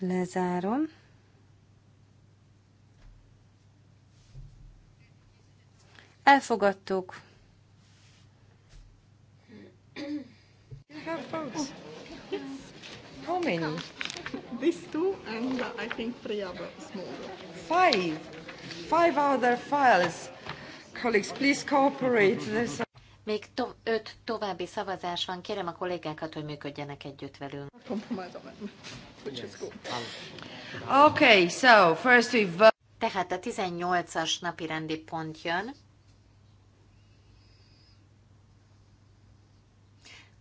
Lezárom. Elfogadtuk. How many? These two and uh, I think three other small Five. Five other files. Colleagues, please cooperate. There's a... Még to- öt további szavazás van. Kérem a kollégákat, hogy működjenek együtt velünk. Okay, so first we vote. Tehát a 18-as napi rendi pont jön.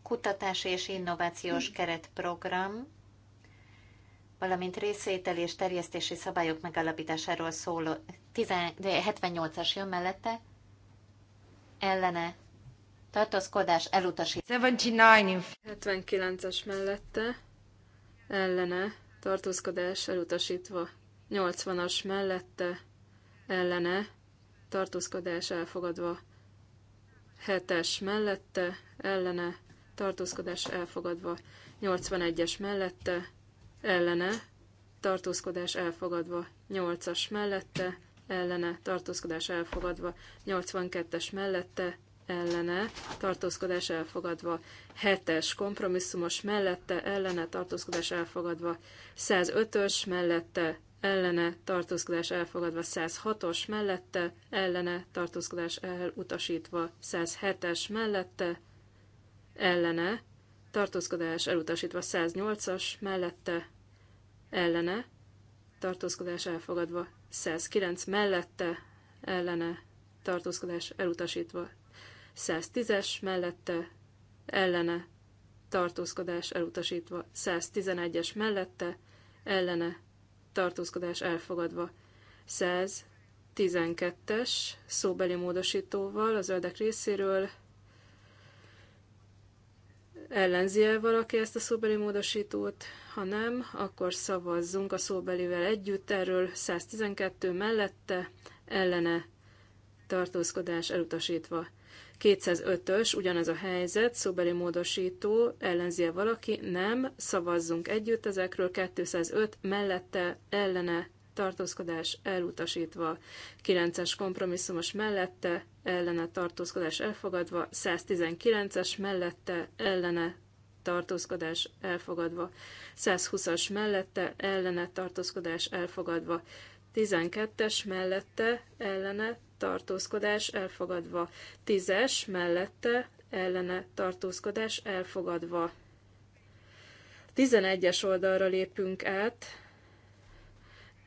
kutatási és innovációs keretprogram, valamint részvétel és terjesztési szabályok megalapításáról szóló 78-as jön mellette, ellene tartózkodás elutasít. 79-es mellette, ellene tartózkodás elutasítva. 80-as mellette, ellene tartózkodás elfogadva. 7-es mellette, ellene tartózkodás elfogadva. 81-es mellette, ellene, tartózkodás elfogadva. 8-as mellette, ellene, tartózkodás elfogadva. 82-es mellette, ellene, tartózkodás elfogadva, 7-es kompromisszumos mellette, ellene, tartózkodás elfogadva, 105-ös mellette, ellene, tartózkodás elfogadva, 106-os mellette, ellene, tartózkodás elutasítva, 107-es mellette, ellene, tartózkodás elutasítva 108-as, mellette, ellene, tartózkodás elfogadva 109, mellette, ellene, tartózkodás elutasítva 110-es, mellette, ellene, tartózkodás elutasítva 111-es, mellette, ellene, tartózkodás elfogadva 112-es szóbeli módosítóval az öldek részéről ellenzi -e valaki ezt a szóbeli módosítót? Ha nem, akkor szavazzunk a szóbelivel együtt, erről 112 mellette, ellene tartózkodás elutasítva. 205-ös, ugyanez a helyzet, szóbeli módosító, ellenzi -e valaki? Nem, szavazzunk együtt ezekről, 205 mellette, ellene tartózkodás elutasítva, 9-es kompromisszumos mellette, ellene tartózkodás elfogadva, 119-es mellette, ellene tartózkodás elfogadva, 120-as mellette, ellene tartózkodás elfogadva, 12-es mellette, ellene tartózkodás elfogadva, 10-es mellette, ellene tartózkodás elfogadva. 11-es oldalra lépünk át,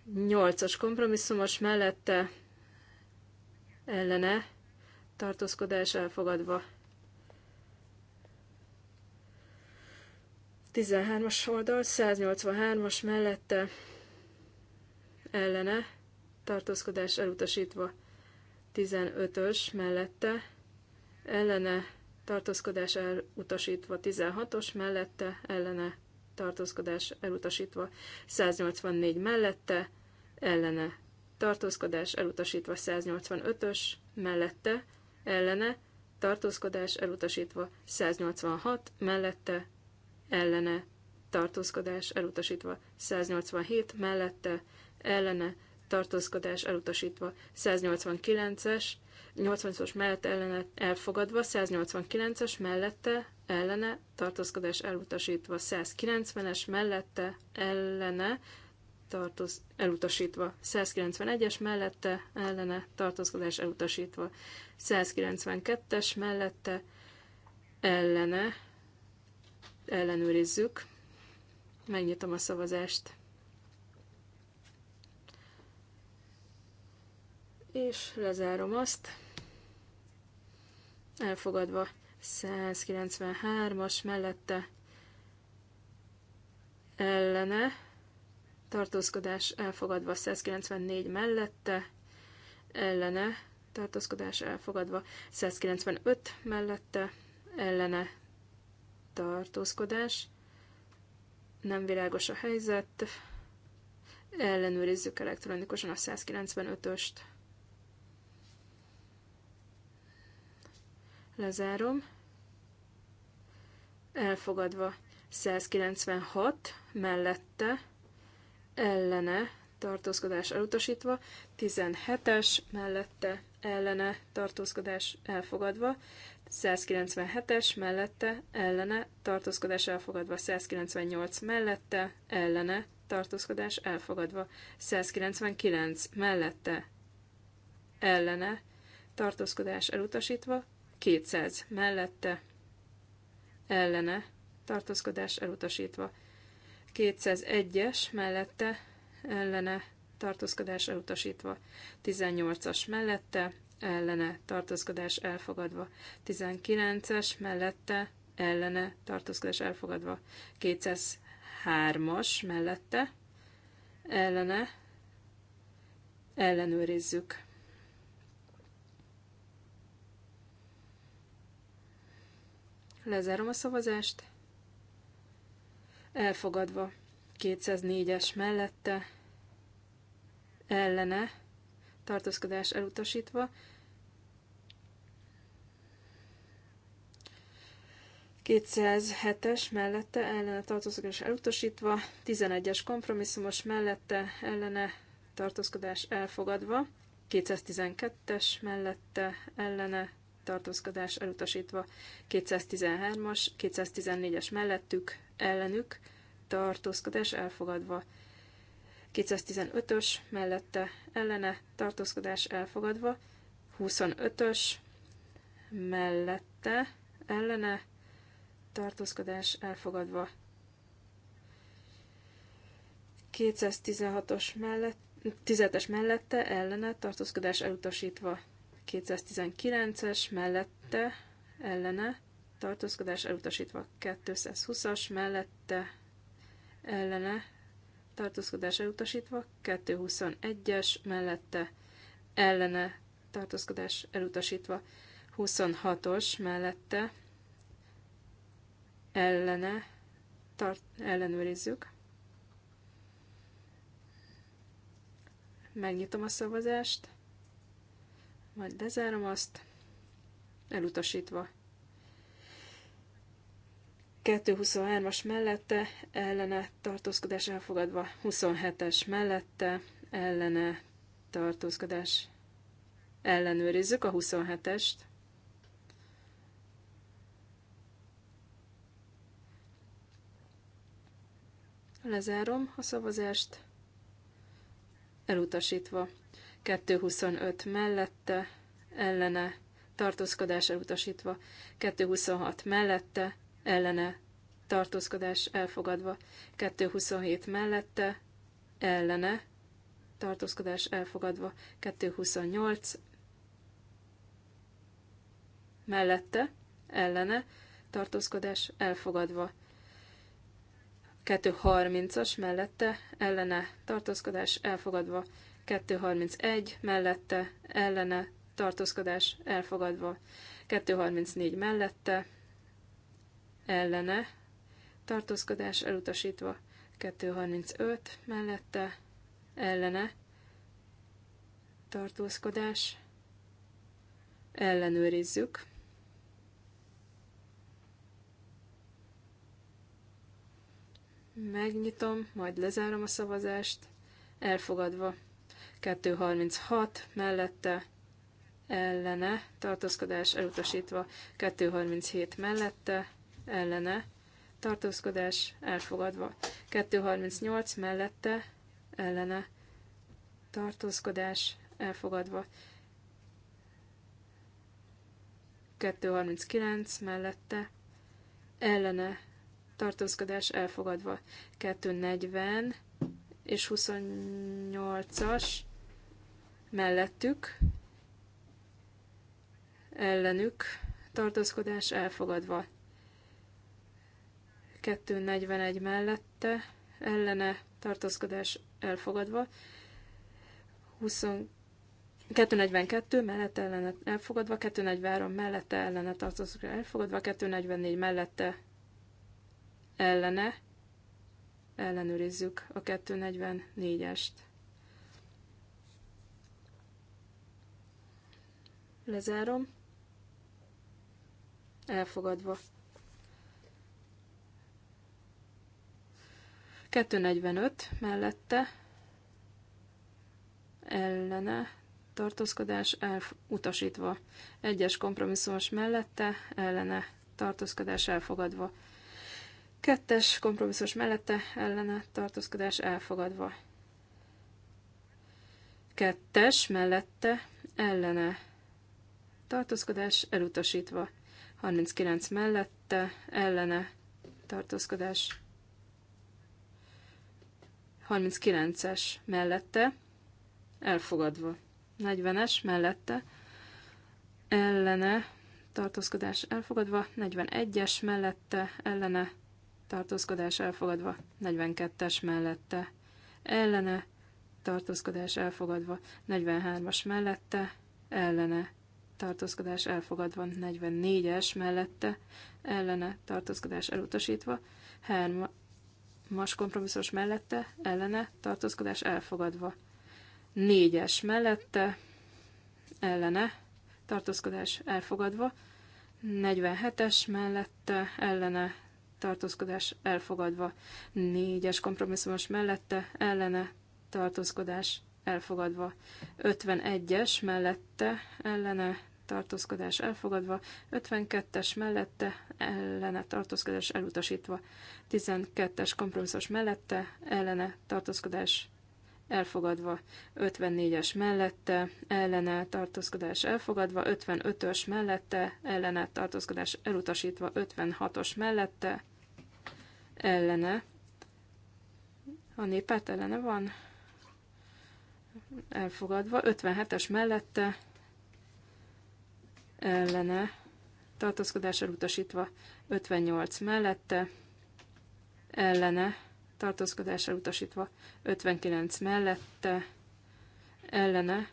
nyolcas kompromisszumos mellette ellene tartózkodás elfogadva. 13-as oldal, 183-as mellette ellene tartózkodás elutasítva. 15-ös mellette ellene tartózkodás elutasítva. 16-os mellette ellene tartózkodás elutasítva 184 mellette, ellene tartózkodás elutasítva 185-ös mellette, ellene tartózkodás elutasítva 186 mellette, ellene tartózkodás elutasítva 187 mellette, ellene tartózkodás elutasítva 189-es, 80 os mellett ellene elfogadva, 189-es mellette ellene, tartózkodás elutasítva 190-es, mellette ellene, tartoz, elutasítva 191-es, mellette ellene, tartózkodás elutasítva 192-es, mellette ellene, ellenőrizzük, megnyitom a szavazást. És lezárom azt, elfogadva 193-as mellette ellene, tartózkodás elfogadva 194 mellette, ellene, tartózkodás elfogadva 195 mellette, ellene, tartózkodás, nem világos a helyzet, ellenőrizzük elektronikusan a 195-öst. Lezárom. Elfogadva. 196 mellette ellene tartózkodás elutasítva, 17-es mellette ellene tartózkodás elfogadva, 197-es mellette ellene tartózkodás elfogadva, 198 mellette ellene tartózkodás elfogadva, 199 mellette ellene tartózkodás elutasítva, 200 mellette ellene tartózkodás elutasítva. 201-es mellette ellene tartózkodás elutasítva. 18-as mellette ellene tartózkodás elfogadva. 19-es mellette ellene tartózkodás elfogadva. 203-as mellette ellene ellenőrizzük. Lezárom a szavazást. Elfogadva. 204-es mellette. Ellene. Tartózkodás elutasítva. 207-es mellette ellene tartózkodás elutasítva, 11-es kompromisszumos mellette ellene tartózkodás elfogadva, 212-es mellette ellene tartózkodás elutasítva 213-as, 214-es mellettük, ellenük, tartózkodás elfogadva 215-ös mellette, ellene, tartózkodás elfogadva 25-ös mellette, ellene, tartózkodás elfogadva 216-os mellett, 10-es mellette, ellene, tartózkodás elutasítva 219-es mellette ellene tartózkodás elutasítva 220-as mellette ellene tartózkodás elutasítva 221-es mellette ellene tartózkodás elutasítva 26-os mellette ellene tart, ellenőrizzük. Megnyitom a szavazást. Majd bezárom azt. Elutasítva. 223-as mellette, ellene tartózkodás elfogadva, 27-es mellette, ellene tartózkodás. Ellenőrizzük a 27-est. Lezárom a szavazást, elutasítva. 225 mellette, ellene, tartózkodás elutasítva, 226 mellette, ellene, tartózkodás elfogadva, 227 mellette, ellene, tartózkodás elfogadva, 228 mellette, ellene, tartózkodás elfogadva. 230-as mellette, ellene, tartózkodás elfogadva. 231 mellette ellene tartózkodás elfogadva. 234 mellette ellene tartózkodás elutasítva. 235 mellette ellene tartózkodás ellenőrizzük. Megnyitom, majd lezárom a szavazást, elfogadva. 236 mellette ellene tartózkodás elutasítva, 237 mellette ellene tartózkodás elfogadva, 238 mellette ellene tartózkodás elfogadva, 239 mellette ellene tartózkodás elfogadva, 240 és 28-as mellettük, ellenük, tartózkodás elfogadva. 241 mellette, ellene, tartózkodás elfogadva. 20, 242 mellette ellene elfogadva, 243 mellette ellene tartózkodás elfogadva, 244 mellette ellene, ellenőrizzük a 244-est. Lezárom. Elfogadva. 245 mellette ellene tartózkodás utasítva Egyes kompromisszumos mellette ellene tartózkodás elfogadva. Kettes kompromisszumos mellette ellene tartózkodás elfogadva. Kettes mellette ellene tartózkodás elutasítva. 39 mellette, ellene, tartózkodás. 39-es mellette, elfogadva. 40-es mellette, ellene, tartózkodás elfogadva. 41-es mellette, ellene, tartózkodás elfogadva. 42-es mellette, ellene, tartózkodás elfogadva. 43-as mellette, ellene, tartózkodás elfogadva, 44-es mellette ellene tartózkodás elutasítva, 3 más kompromisszos mellette ellene tartózkodás elfogadva, 4-es mellette ellene tartózkodás elfogadva, 47-es mellette ellene tartózkodás elfogadva, 4-es kompromisszumos mellette ellene tartózkodás elfogadva. 51-es mellette ellene tartózkodás elfogadva, 52-es mellette ellene tartózkodás elutasítva, 12-es kompromisszos mellette ellene tartózkodás elfogadva, 54-es mellette ellene tartózkodás elfogadva, 55-ös mellette ellene tartózkodás elutasítva, 56-os mellette ellene. A népát ellene van elfogadva, 57-es mellette ellene tartózkodás elutasítva 58 mellette, ellene tartózkodás elutasítva 59 mellette, ellene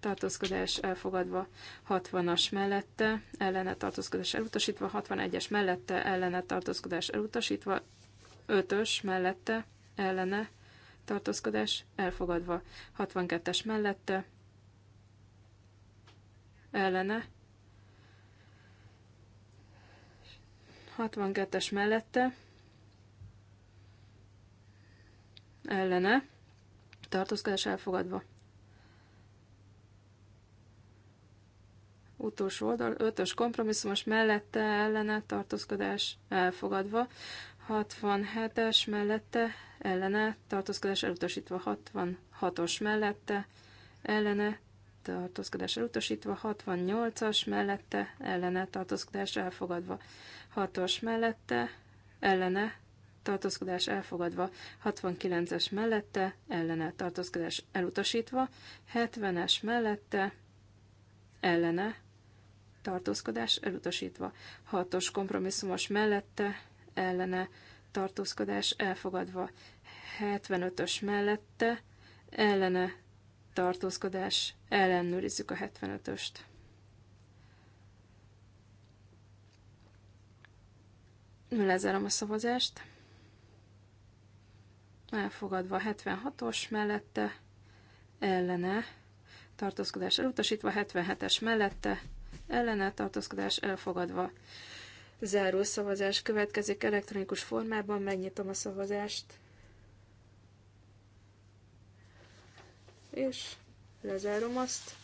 tartózkodás elfogadva 60-as mellette, ellene tartózkodás elutasítva 61-es mellette, ellene tartózkodás elutasítva 5-ös mellette, ellene tartózkodás elfogadva 62-es mellette, ellene 62-es mellette ellene tartózkodás elfogadva. Utolsó oldal, 5-ös kompromisszumos mellette ellene tartózkodás elfogadva. 67-es mellette ellene tartózkodás elutasítva. 66-os mellette ellene tartózkodás elutasítva, 68-as mellette ellene tartózkodás elfogadva, 6-os mellette ellene tartózkodás elfogadva, 69-es mellette ellene tartózkodás elutasítva, 70-es mellette ellene tartózkodás elutasítva, 6-os kompromisszumos mellette ellene tartózkodás elfogadva, 75-ös mellette ellene tartózkodás, ellenőrizzük a 75-öst. Lezárom a szavazást. Elfogadva 76-os mellette, ellene, tartózkodás elutasítva, 77-es mellette, ellene, tartózkodás elfogadva. Záró szavazás következik elektronikus formában, megnyitom a szavazást. és lezárom azt.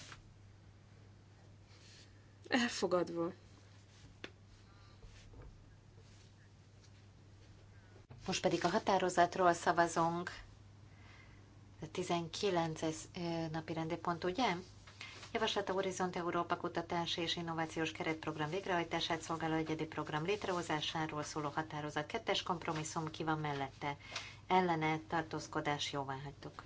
Elfogadva. Most pedig a határozatról szavazunk. A 19-es napi pont ugye? Javaslat a Horizont Európa Kutatási és Innovációs Keretprogram végrehajtását szolgáló egyedi program létrehozásáról szóló határozat kettes kompromisszum ki van mellette. Ellene tartózkodás jóvá hagytuk.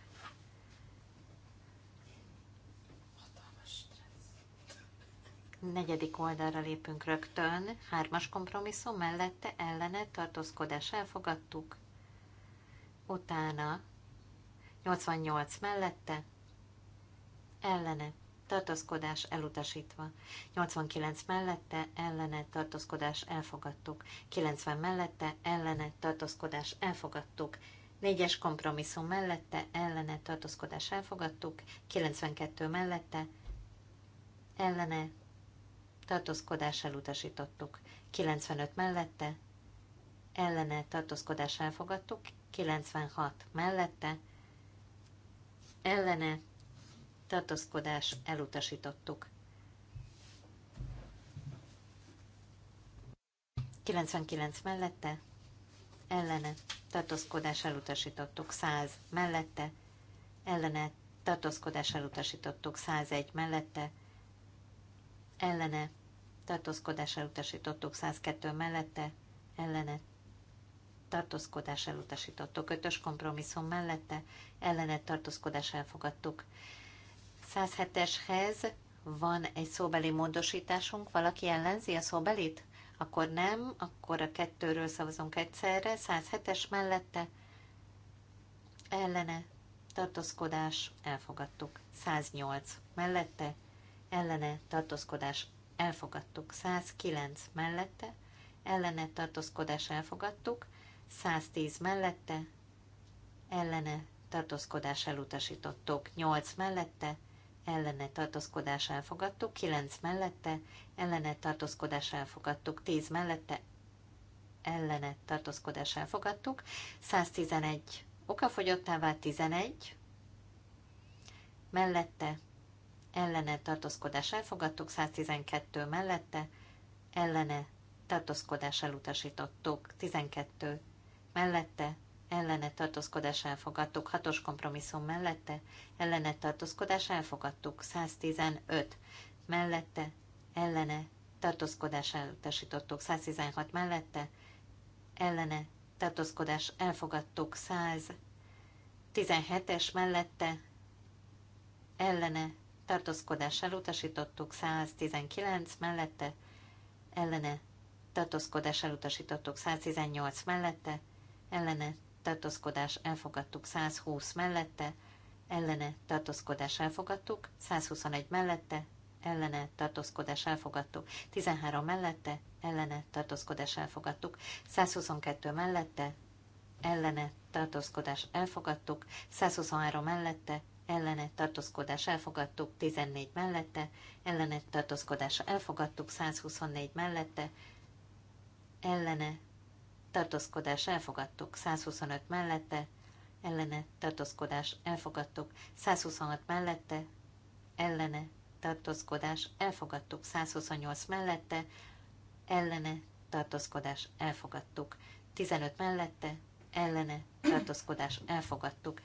negyedik oldalra lépünk rögtön, hármas kompromisszum mellette ellene tartózkodás elfogadtuk, utána 88 mellette ellene tartózkodás elutasítva, 89 mellette ellene tartózkodás elfogadtuk, 90 mellette ellene tartózkodás elfogadtuk, 4-es kompromisszum mellette ellene tartózkodás elfogadtuk, 92 mellette ellene tartózkodás elutasítottuk. 95 mellette, ellene tartózkodás elfogadtuk, 96 mellette, ellene tartózkodás elutasítottuk. 99 mellette, ellene tartózkodás elutasítottuk, 100 mellette, ellene tartózkodás elutasítottuk, 101 mellette, ellene tartózkodás elutasítottuk 102 mellette, ellene tartózkodás elutasítottuk 5-ös kompromisszum mellette, ellene tartózkodás elfogadtuk. 107-eshez van egy szóbeli módosításunk, valaki ellenzi a szóbelit? Akkor nem, akkor a kettőről szavazunk egyszerre, 107-es mellette, ellene tartózkodás elfogadtuk. 108 mellette, ellene tartózkodás elfogadtuk. 109 mellette, ellene tartózkodás elfogadtuk. 110 mellette, ellene tartózkodás elutasítottuk. 8 mellette, ellene tartózkodás elfogadtuk. 9 mellette, ellene tartózkodás elfogadtuk. 10 mellette, ellene tartózkodás elfogadtuk. 111 okafogyottává vált 11, mellette ellene tartózkodás elfogadtuk, 112 mellette ellene tartózkodás elutasítottuk, 12 mellette ellene tartózkodás elfogadtuk, 6-os kompromisszum mellette ellene tartózkodás elfogadtuk, 115 mellette ellene tartózkodás elutasítottuk, 116 mellette ellene tartózkodás elfogadtuk, 117-es mellette ellene tartózkodás elutasítottuk, 119 mellette, ellene tartózkodás elutasítottuk, 118 mellette, ellene tartózkodás elfogadtuk, 120 mellette, ellene tartózkodás elfogadtuk, 121 mellette, ellene tartózkodás elfogadtuk, 13 mellette, ellene tartózkodás elfogadtuk, 122 mellette, ellene tartózkodás elfogadtuk, 123 mellette, ellene tartózkodás elfogadtuk, 14 mellette, ellene tartózkodás elfogadtuk, 124 mellette, ellene tartózkodás elfogadtuk, 125 mellette, ellene tartózkodás elfogadtuk, 126 mellette, ellene tartózkodás elfogadtuk, 128 mellette, ellene tartózkodás elfogadtuk, 15 mellette, ellene tartózkodás elfogadtuk,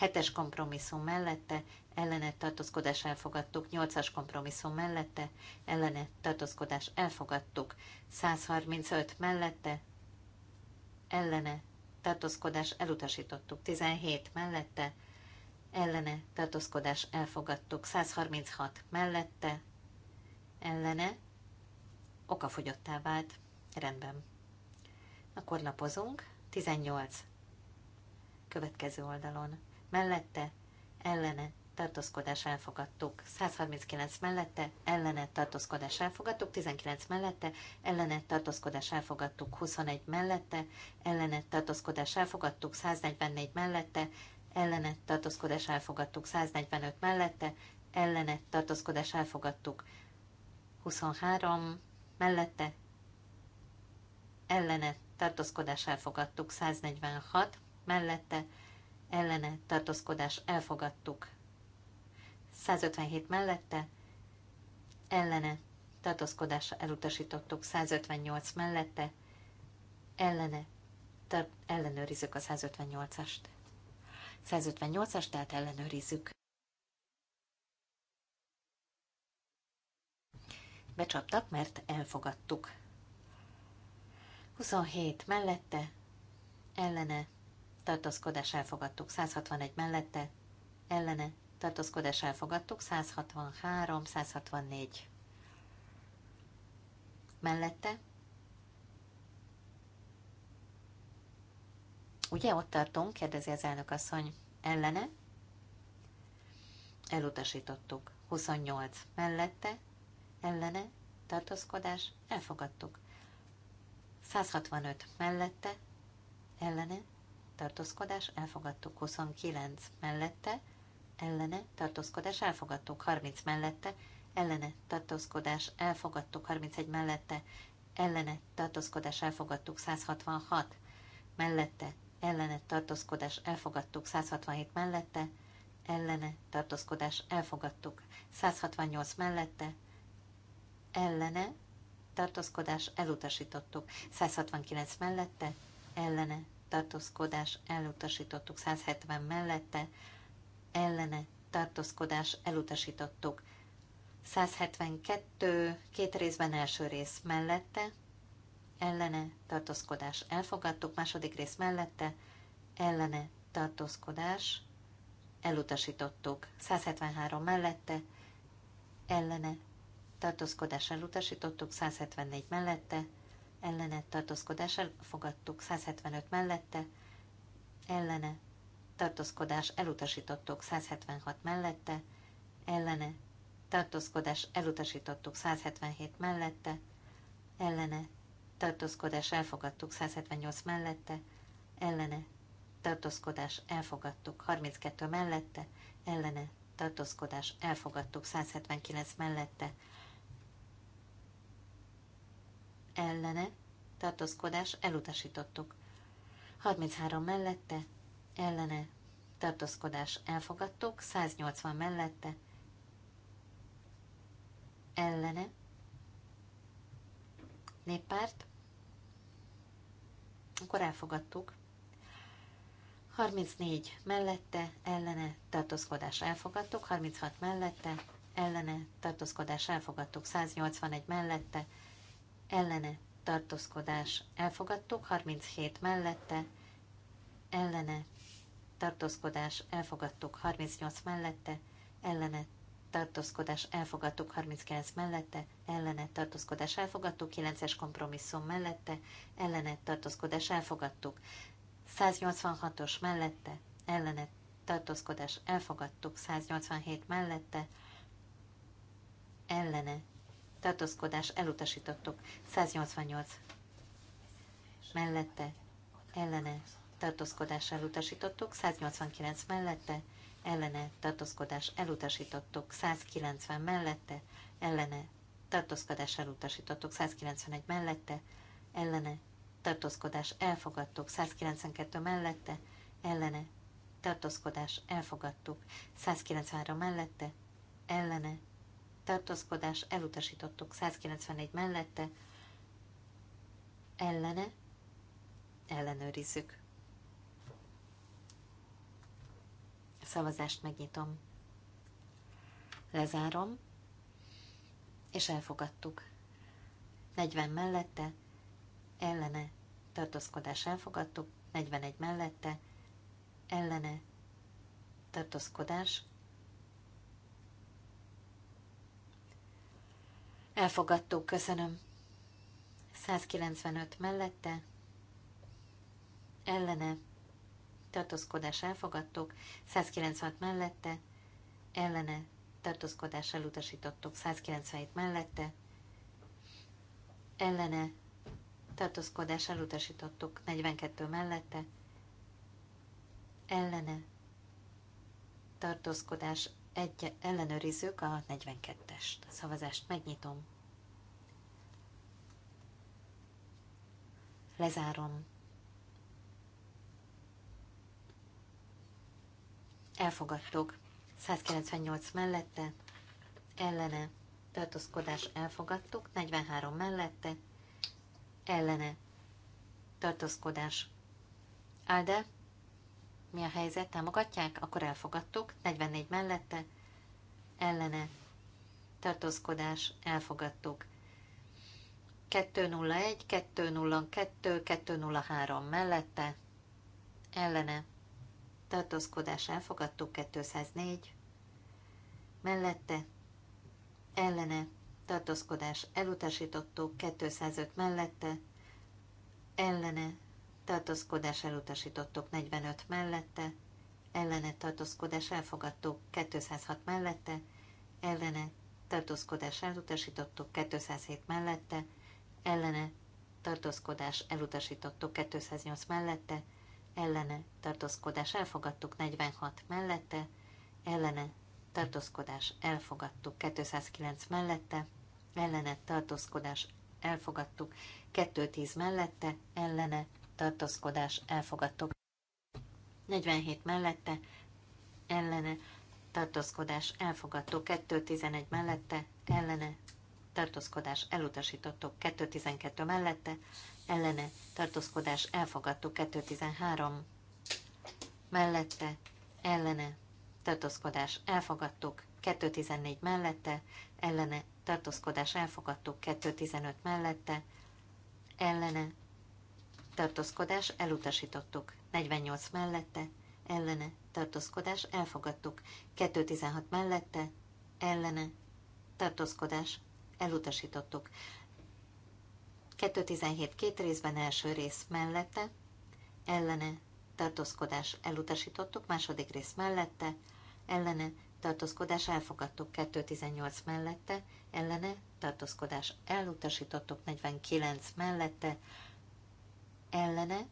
7-es kompromisszum mellette, ellene tartózkodás elfogadtuk, 8-as kompromisszum mellette, ellene tartózkodás elfogadtuk, 135 mellette, ellene tartózkodás elutasítottuk, 17 mellette, ellene tartózkodás elfogadtuk, 136 mellette, ellene okafogyottá vált, rendben. Akkor lapozunk, 18 következő oldalon mellette, ellene, tartózkodás elfogadtuk. 139 mellette, ellene, tartózkodás elfogadtuk. 19 mellette, ellene, tartózkodás elfogadtuk. 21 mellette, ellene, tartózkodás elfogadtuk. 144 mellette, ellene, tartózkodás elfogadtuk. 145 mellette, ellene, tartózkodás elfogadtuk. 23 mellette, ellene, tartózkodás elfogadtuk. 146 mellette, ellene tartózkodás elfogadtuk. 157 mellette ellene tartózkodásra elutasítottuk 158 mellette, ellene, tar- ellenőrizzük a 158-ast. 158-as, tehát ellenőrizzük. Becsaptak, mert elfogadtuk. 27 mellette, ellene, tartózkodás elfogadtuk 161 mellette, ellene, tartózkodás elfogadtuk 163, 164 mellette. Ugye ott tartunk, kérdezi az elnök asszony, ellene, elutasítottuk 28 mellette, ellene, tartózkodás, elfogadtuk. 165 mellette, ellene, tartózkodás, elfogadtuk 29 mellette, ellene, tartózkodás, elfogadtuk 30 mellette, ellene, tartózkodás, elfogadtuk 31 mellette, ellene, tartózkodás, elfogadtuk 166 mellette, ellene, tartózkodás, elfogadtuk 167 mellette, ellene, tartózkodás, elfogadtuk 168 mellette, ellene, tartózkodás, elutasítottuk 169 mellette, ellene, tartózkodás elutasítottuk 170 mellette, ellene tartózkodás elutasítottuk 172 két részben első rész mellette, ellene tartózkodás elfogadtuk, második rész mellette, ellene tartózkodás elutasítottuk 173 mellette, ellene tartózkodás elutasítottuk 174 mellette, ellene tartózkodás elfogadtuk, 175 mellette ellene tartózkodás elutasítottuk, 176 mellette ellene tartózkodás elutasítottuk, 177 mellette ellene tartózkodás elfogadtuk, 178 mellette ellene tartózkodás elfogadtuk, 32 mellette ellene tartózkodás elfogadtuk, 179 mellette ellene, tartózkodás elutasítottuk. 33 mellette, ellene, tartózkodás elfogadtuk, 180 mellette, ellene, néppárt, akkor elfogadtuk. 34 mellette, ellene, tartózkodás elfogadtuk, 36 mellette, ellene, tartózkodás elfogadtuk, 181 mellette, ellene tartózkodás elfogadtuk, 37 mellette ellene tartózkodás elfogadtuk, 38 mellette ellene tartózkodás elfogadtuk 39 mellette, ellene tartózkodás elfogadtuk 9-es kompromisszum mellette, ellene tartózkodás elfogadtuk 186-os mellette, ellene tartózkodás elfogadtuk 187 mellette, ellene tartózkodás elutasítottuk. 188 mellette, ellene tartózkodás elutasítottuk. 189 mellette, ellene tartózkodás elutasítottuk. 190 mellette, ellene tartózkodás elutasítottuk. 191 mellette, ellene tartózkodás elfogadtuk. 192 mellette, ellene tartózkodás elfogadtuk. 193 mellette, ellene tartózkodás elutasítottuk 191 mellette, ellene ellenőrizzük. Szavazást megnyitom. Lezárom, és elfogadtuk. 40 mellette, ellene tartózkodás elfogadtuk, 41 mellette, ellene tartózkodás Elfogadtuk, köszönöm. 195 mellette, ellene, tartózkodás elfogadtuk, 196 mellette, ellene, tartózkodás elutasítottuk, 197 mellette, ellene, tartózkodás elutasítottuk, 42 mellette, ellene, tartózkodás egy, ellenőrizzük a 42-est. A szavazást megnyitom. Lezárom. Elfogadtok. 198 mellette, ellene, tartózkodás elfogadtuk, 43 mellette, ellene, tartózkodás. Áldá, mi a helyzet? Támogatják? Akkor elfogadtuk. 44 mellette. Ellene. Tartózkodás. Elfogadtuk. 201, 202, 203 mellette. Ellene. Tartózkodás. Elfogadtuk. 204. Mellette. Ellene. Tartózkodás. Elutasítottuk. 205 mellette. Ellene tartózkodás elutasítottuk 45 mellette, ellene tartózkodás elfogadtuk 206 mellette, ellene tartózkodás elutasítottuk 207 mellette, ellene tartózkodás elutasítottuk 208 mellette, ellene tartózkodás elfogadtuk 46 mellette, ellene tartózkodás elfogadtuk 209 mellette, ellene tartózkodás elfogadtuk 210 mellette, ellene tartózkodás elfogadtok. 47 mellette ellene tartózkodás elfogadtó 211 mellette ellene tartózkodás elutasítottok 212 mellette ellene tartózkodás elfogadtó 213 mellette ellene tartózkodás elfogadtuk 214 mellette ellene tartózkodás elfogadtuk 215 mellette ellene tartózkodás elutasítottuk. 48 mellette, ellene, tartózkodás elfogadtuk. 216 mellette, ellene, tartózkodás elutasítottuk. 217 két részben első rész mellette, ellene, tartózkodás elutasítottuk, második rész mellette, ellene, tartózkodás elfogadtuk 218 mellette, ellene, tartózkodás elutasítottuk 49 mellette, ellene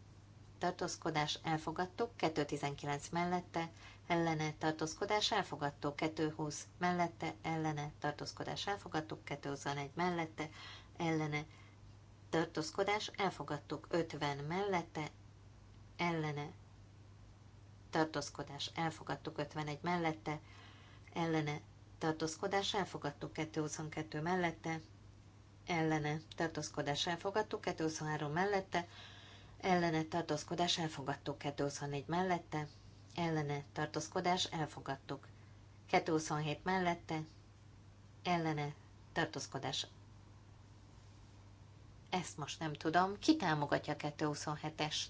tartózkodás elfogadtuk, 219 mellette, ellene tartózkodás elfogadtuk, 220 mellette, ellene tartózkodás elfogadtuk, 221 mellette, ellene tartózkodás elfogadtuk, 50 mellette, ellene tartózkodás elfogadtuk, 51 mellette, ellene tartózkodás elfogadtuk, 222 mellette, ellene tartózkodás elfogadtuk, 223 mellette, ellene tartózkodás elfogadtuk, 224 mellette, ellene tartózkodás elfogadtuk, 227 mellette, ellene tartózkodás. Ezt most nem tudom, ki támogatja 227-est?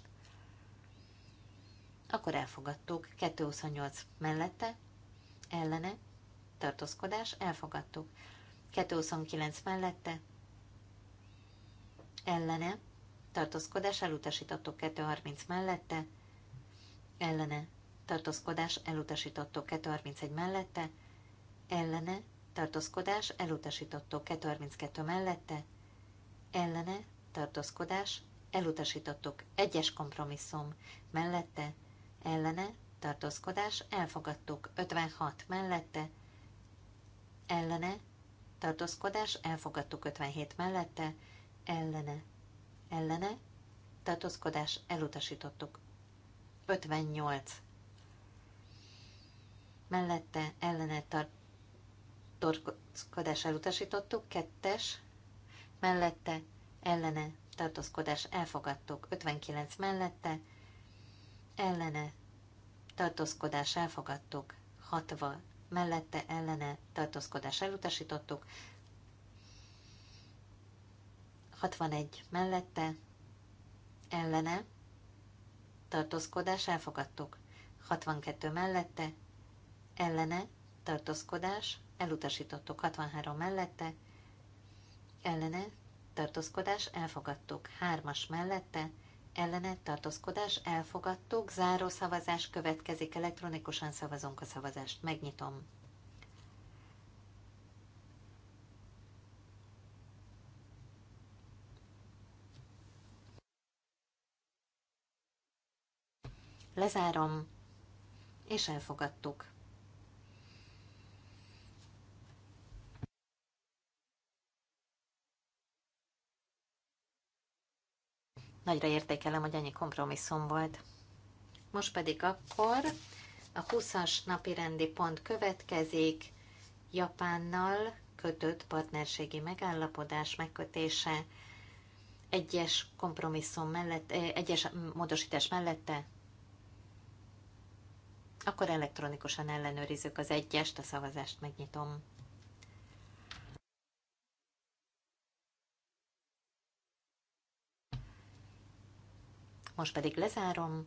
Akkor elfogadtuk, 228 mellette, ellene tartózkodás elfogadtuk, 229 mellette, ellene tartózkodás elutasítottuk 230 mellette, ellene tartózkodás elutasítottuk 231 mellette, ellene tartózkodás elutasítottuk 232 mellette, ellene tartózkodás elutasítottuk egyes kompromisszum mellette, ellene tartózkodás elfogadtuk 56 mellette, ellene tartózkodás elfogadtuk 57 mellette, ellene ellene, tartózkodás elutasítottuk. 58. Mellette ellene tartózkodás elutasítottuk, kettes, mellette ellene tartózkodás elfogadtuk, 59 mellette ellene tartózkodás elfogadtuk, 60 mellette ellene tartózkodás elutasítottuk, 61 mellette, ellene, tartózkodás elfogadtuk. 62 mellette, ellene, tartózkodás, elutasítottuk 63 mellette, ellene, tartózkodás, elfogadtuk 3-as mellette, ellene, tartózkodás, elfogadtuk, záró szavazás következik, elektronikusan szavazunk a szavazást, megnyitom. Lezárom, és elfogadtuk. Nagyra értékelem, hogy annyi kompromisszum volt. Most pedig akkor a 20-as napi rendi pont következik, Japánnal kötött partnerségi megállapodás megkötése, egyes kompromisszum mellett, eh, egyes módosítás mellette akkor elektronikusan ellenőrizzük az egyest, a szavazást megnyitom. Most pedig lezárom,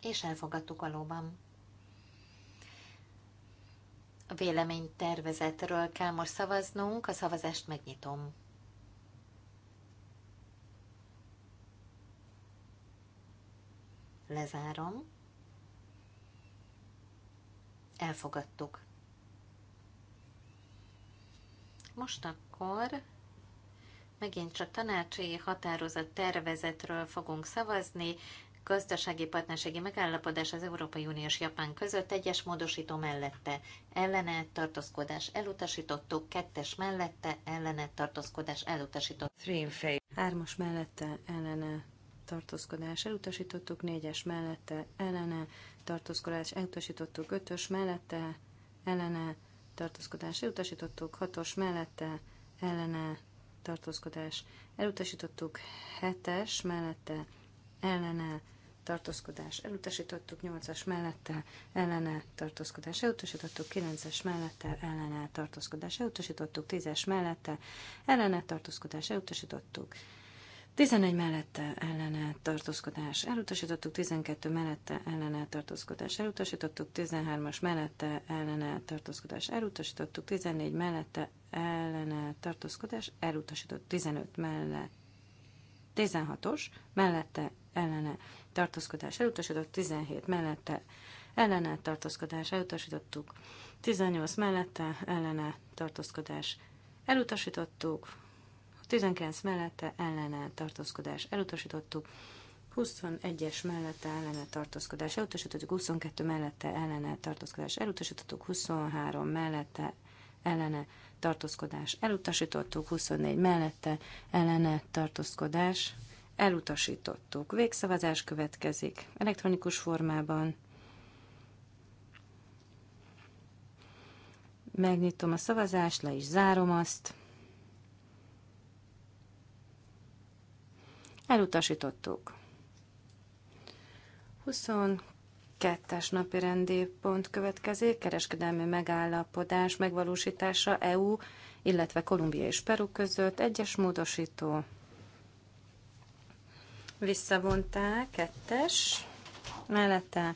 és elfogadtuk alóban. A véleménytervezetről kell most szavaznunk, a szavazást megnyitom. Lezárom. Elfogadtuk. Most akkor megint csak tanácsi határozat tervezetről fogunk szavazni. Gazdasági partnerségi megállapodás az Európai Unió és Japán között egyes módosító mellette ellene tartózkodás elutasítottuk, kettes mellette ellene tartózkodás elutasítottuk. Hármas mellette ellene tartózkodás elutasítottuk, négyes mellette ellene tartózkodás elutasítottuk, ötös mellette ellene tartózkodás elutasítottuk, hatos mellette ellene tartózkodás elutasítottuk, hetes mellette ellene tartózkodás elutasítottuk, 8-as mellette ellene tartózkodás elutasítottuk, 9-es mellette ellene tartózkodás elutasítottuk, 10-es mellette ellene tartózkodás elutasítottuk, 11 mellette ellene tartózkodás elutasítottuk, 12 mellette ellene tartózkodás elutasítottuk, 13-as mellette ellene tartózkodás elutasítottuk, 14 mellette ellene tartózkodás elutasítottuk, 15 mellette 16-os mellette ellene tartózkodás elutasított, 17 mellette ellene tartózkodás elutasítottuk, 18 mellette ellene tartózkodás elutasítottuk, 19 mellette ellene tartózkodás elutasítottuk, 21-es mellette ellene tartózkodás elutasítottuk, 22 mellette ellene tartózkodás elutasítottuk, 23 mellette ellene tartózkodás elutasítottuk, 24 mellette ellene tartózkodás elutasítottuk. Végszavazás következik elektronikus formában. Megnyitom a szavazást, le is zárom azt. Elutasítottuk. 22-es napi rendi pont következik, kereskedelmi megállapodás megvalósítása EU, illetve Kolumbia és Peru között, egyes módosító. Visszavonták, kettes, mellette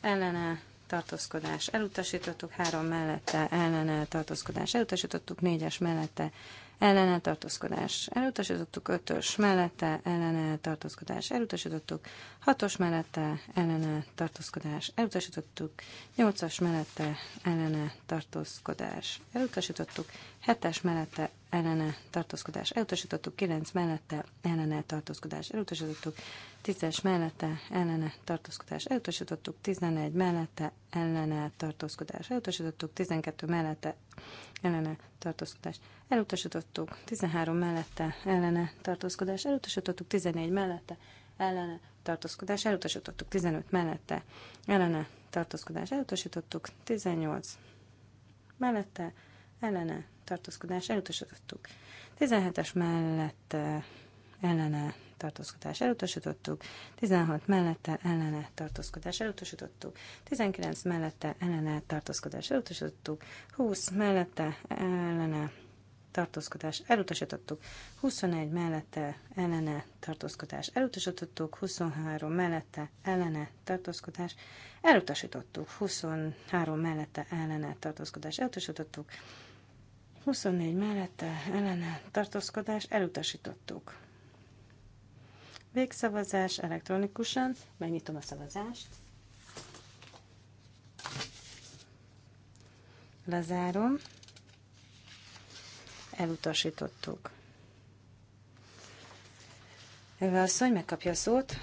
ellene tartózkodás elutasítottuk, három mellette ellene tartózkodás elutasítottuk, négyes mellette ellene tartózkodás elutasítottuk, ötös mellette ellene tartózkodás elutasítottuk, hatos mellette ellene tartózkodás elutasítottuk, nyolcas mellette ellene tartózkodás elutasítottuk, hetes mellette ellene tartózkodás elutasítottuk, 9 mellette ellene tartózkodás elutasítottuk, 10-es mellette ellene tartózkodás elutasítottuk, 11 mellette ellene tartózkodás elutasítottuk, 12 mellette ellene tartózkodás elutasítottuk, 13 mellette ellene tartózkodás elutasítottuk, 14 mellette ellene tartózkodás elutasítottuk, 15 mellette ellene tartózkodás elutasítottuk, 18 mellette ellene tartózkodás elutasítottuk. 17-es mellett ellene tartózkodás elutasítottuk, 16 mellette ellene tartózkodás elutasítottuk, 19 mellette ellene tartózkodás elutasítottuk, 20 mellette ellene tartózkodás elutasítottuk, 21 mellette ellene tartózkodás elutasítottuk, 23 mellette ellene tartózkodás elutasítottuk, 23 mellette ellene tartózkodás elutasítottuk, 24 mellette ellene tartózkodás elutasítottuk. Végszavazás elektronikusan. Megnyitom a szavazást. Lezárom. Elutasítottuk. Eva asszony megkapja a szót.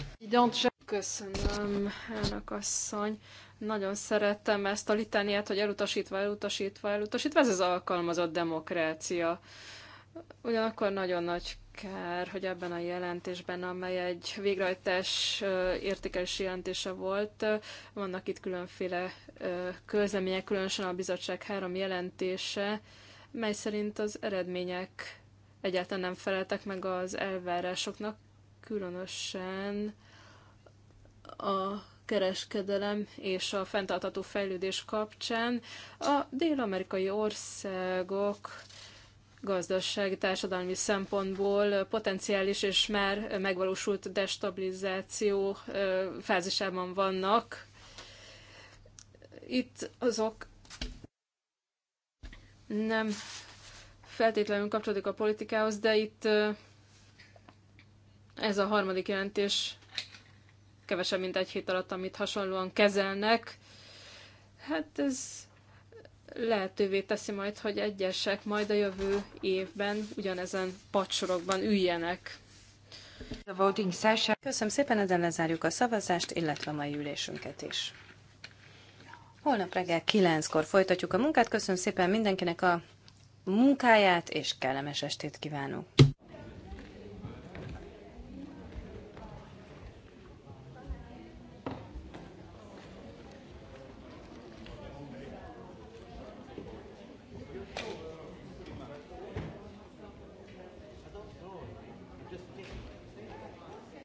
Köszönöm, elnök asszony. Nagyon szerettem ezt a litániát, hogy elutasítva, elutasítva, elutasítva, ez az alkalmazott demokrácia. Ugyanakkor nagyon nagy kár, hogy ebben a jelentésben, amely egy végrehajtás értékelési jelentése volt, vannak itt különféle közlemények, különösen a bizottság három jelentése, mely szerint az eredmények egyáltalán nem feleltek meg az elvárásoknak, különösen a kereskedelem és a fenntartható fejlődés kapcsán a dél-amerikai országok gazdasági, társadalmi szempontból potenciális és már megvalósult destabilizáció fázisában vannak. Itt azok nem feltétlenül kapcsolódik a politikához, de itt ez a harmadik jelentés kevesebb, mint egy hét alatt, amit hasonlóan kezelnek. Hát ez lehetővé teszi majd, hogy egyesek majd a jövő évben ugyanezen pacsorokban üljenek. Köszönöm szépen, ezzel lezárjuk a szavazást, illetve a mai ülésünket is. Holnap reggel kilenckor folytatjuk a munkát. Köszönöm szépen mindenkinek a munkáját, és kellemes estét kívánok!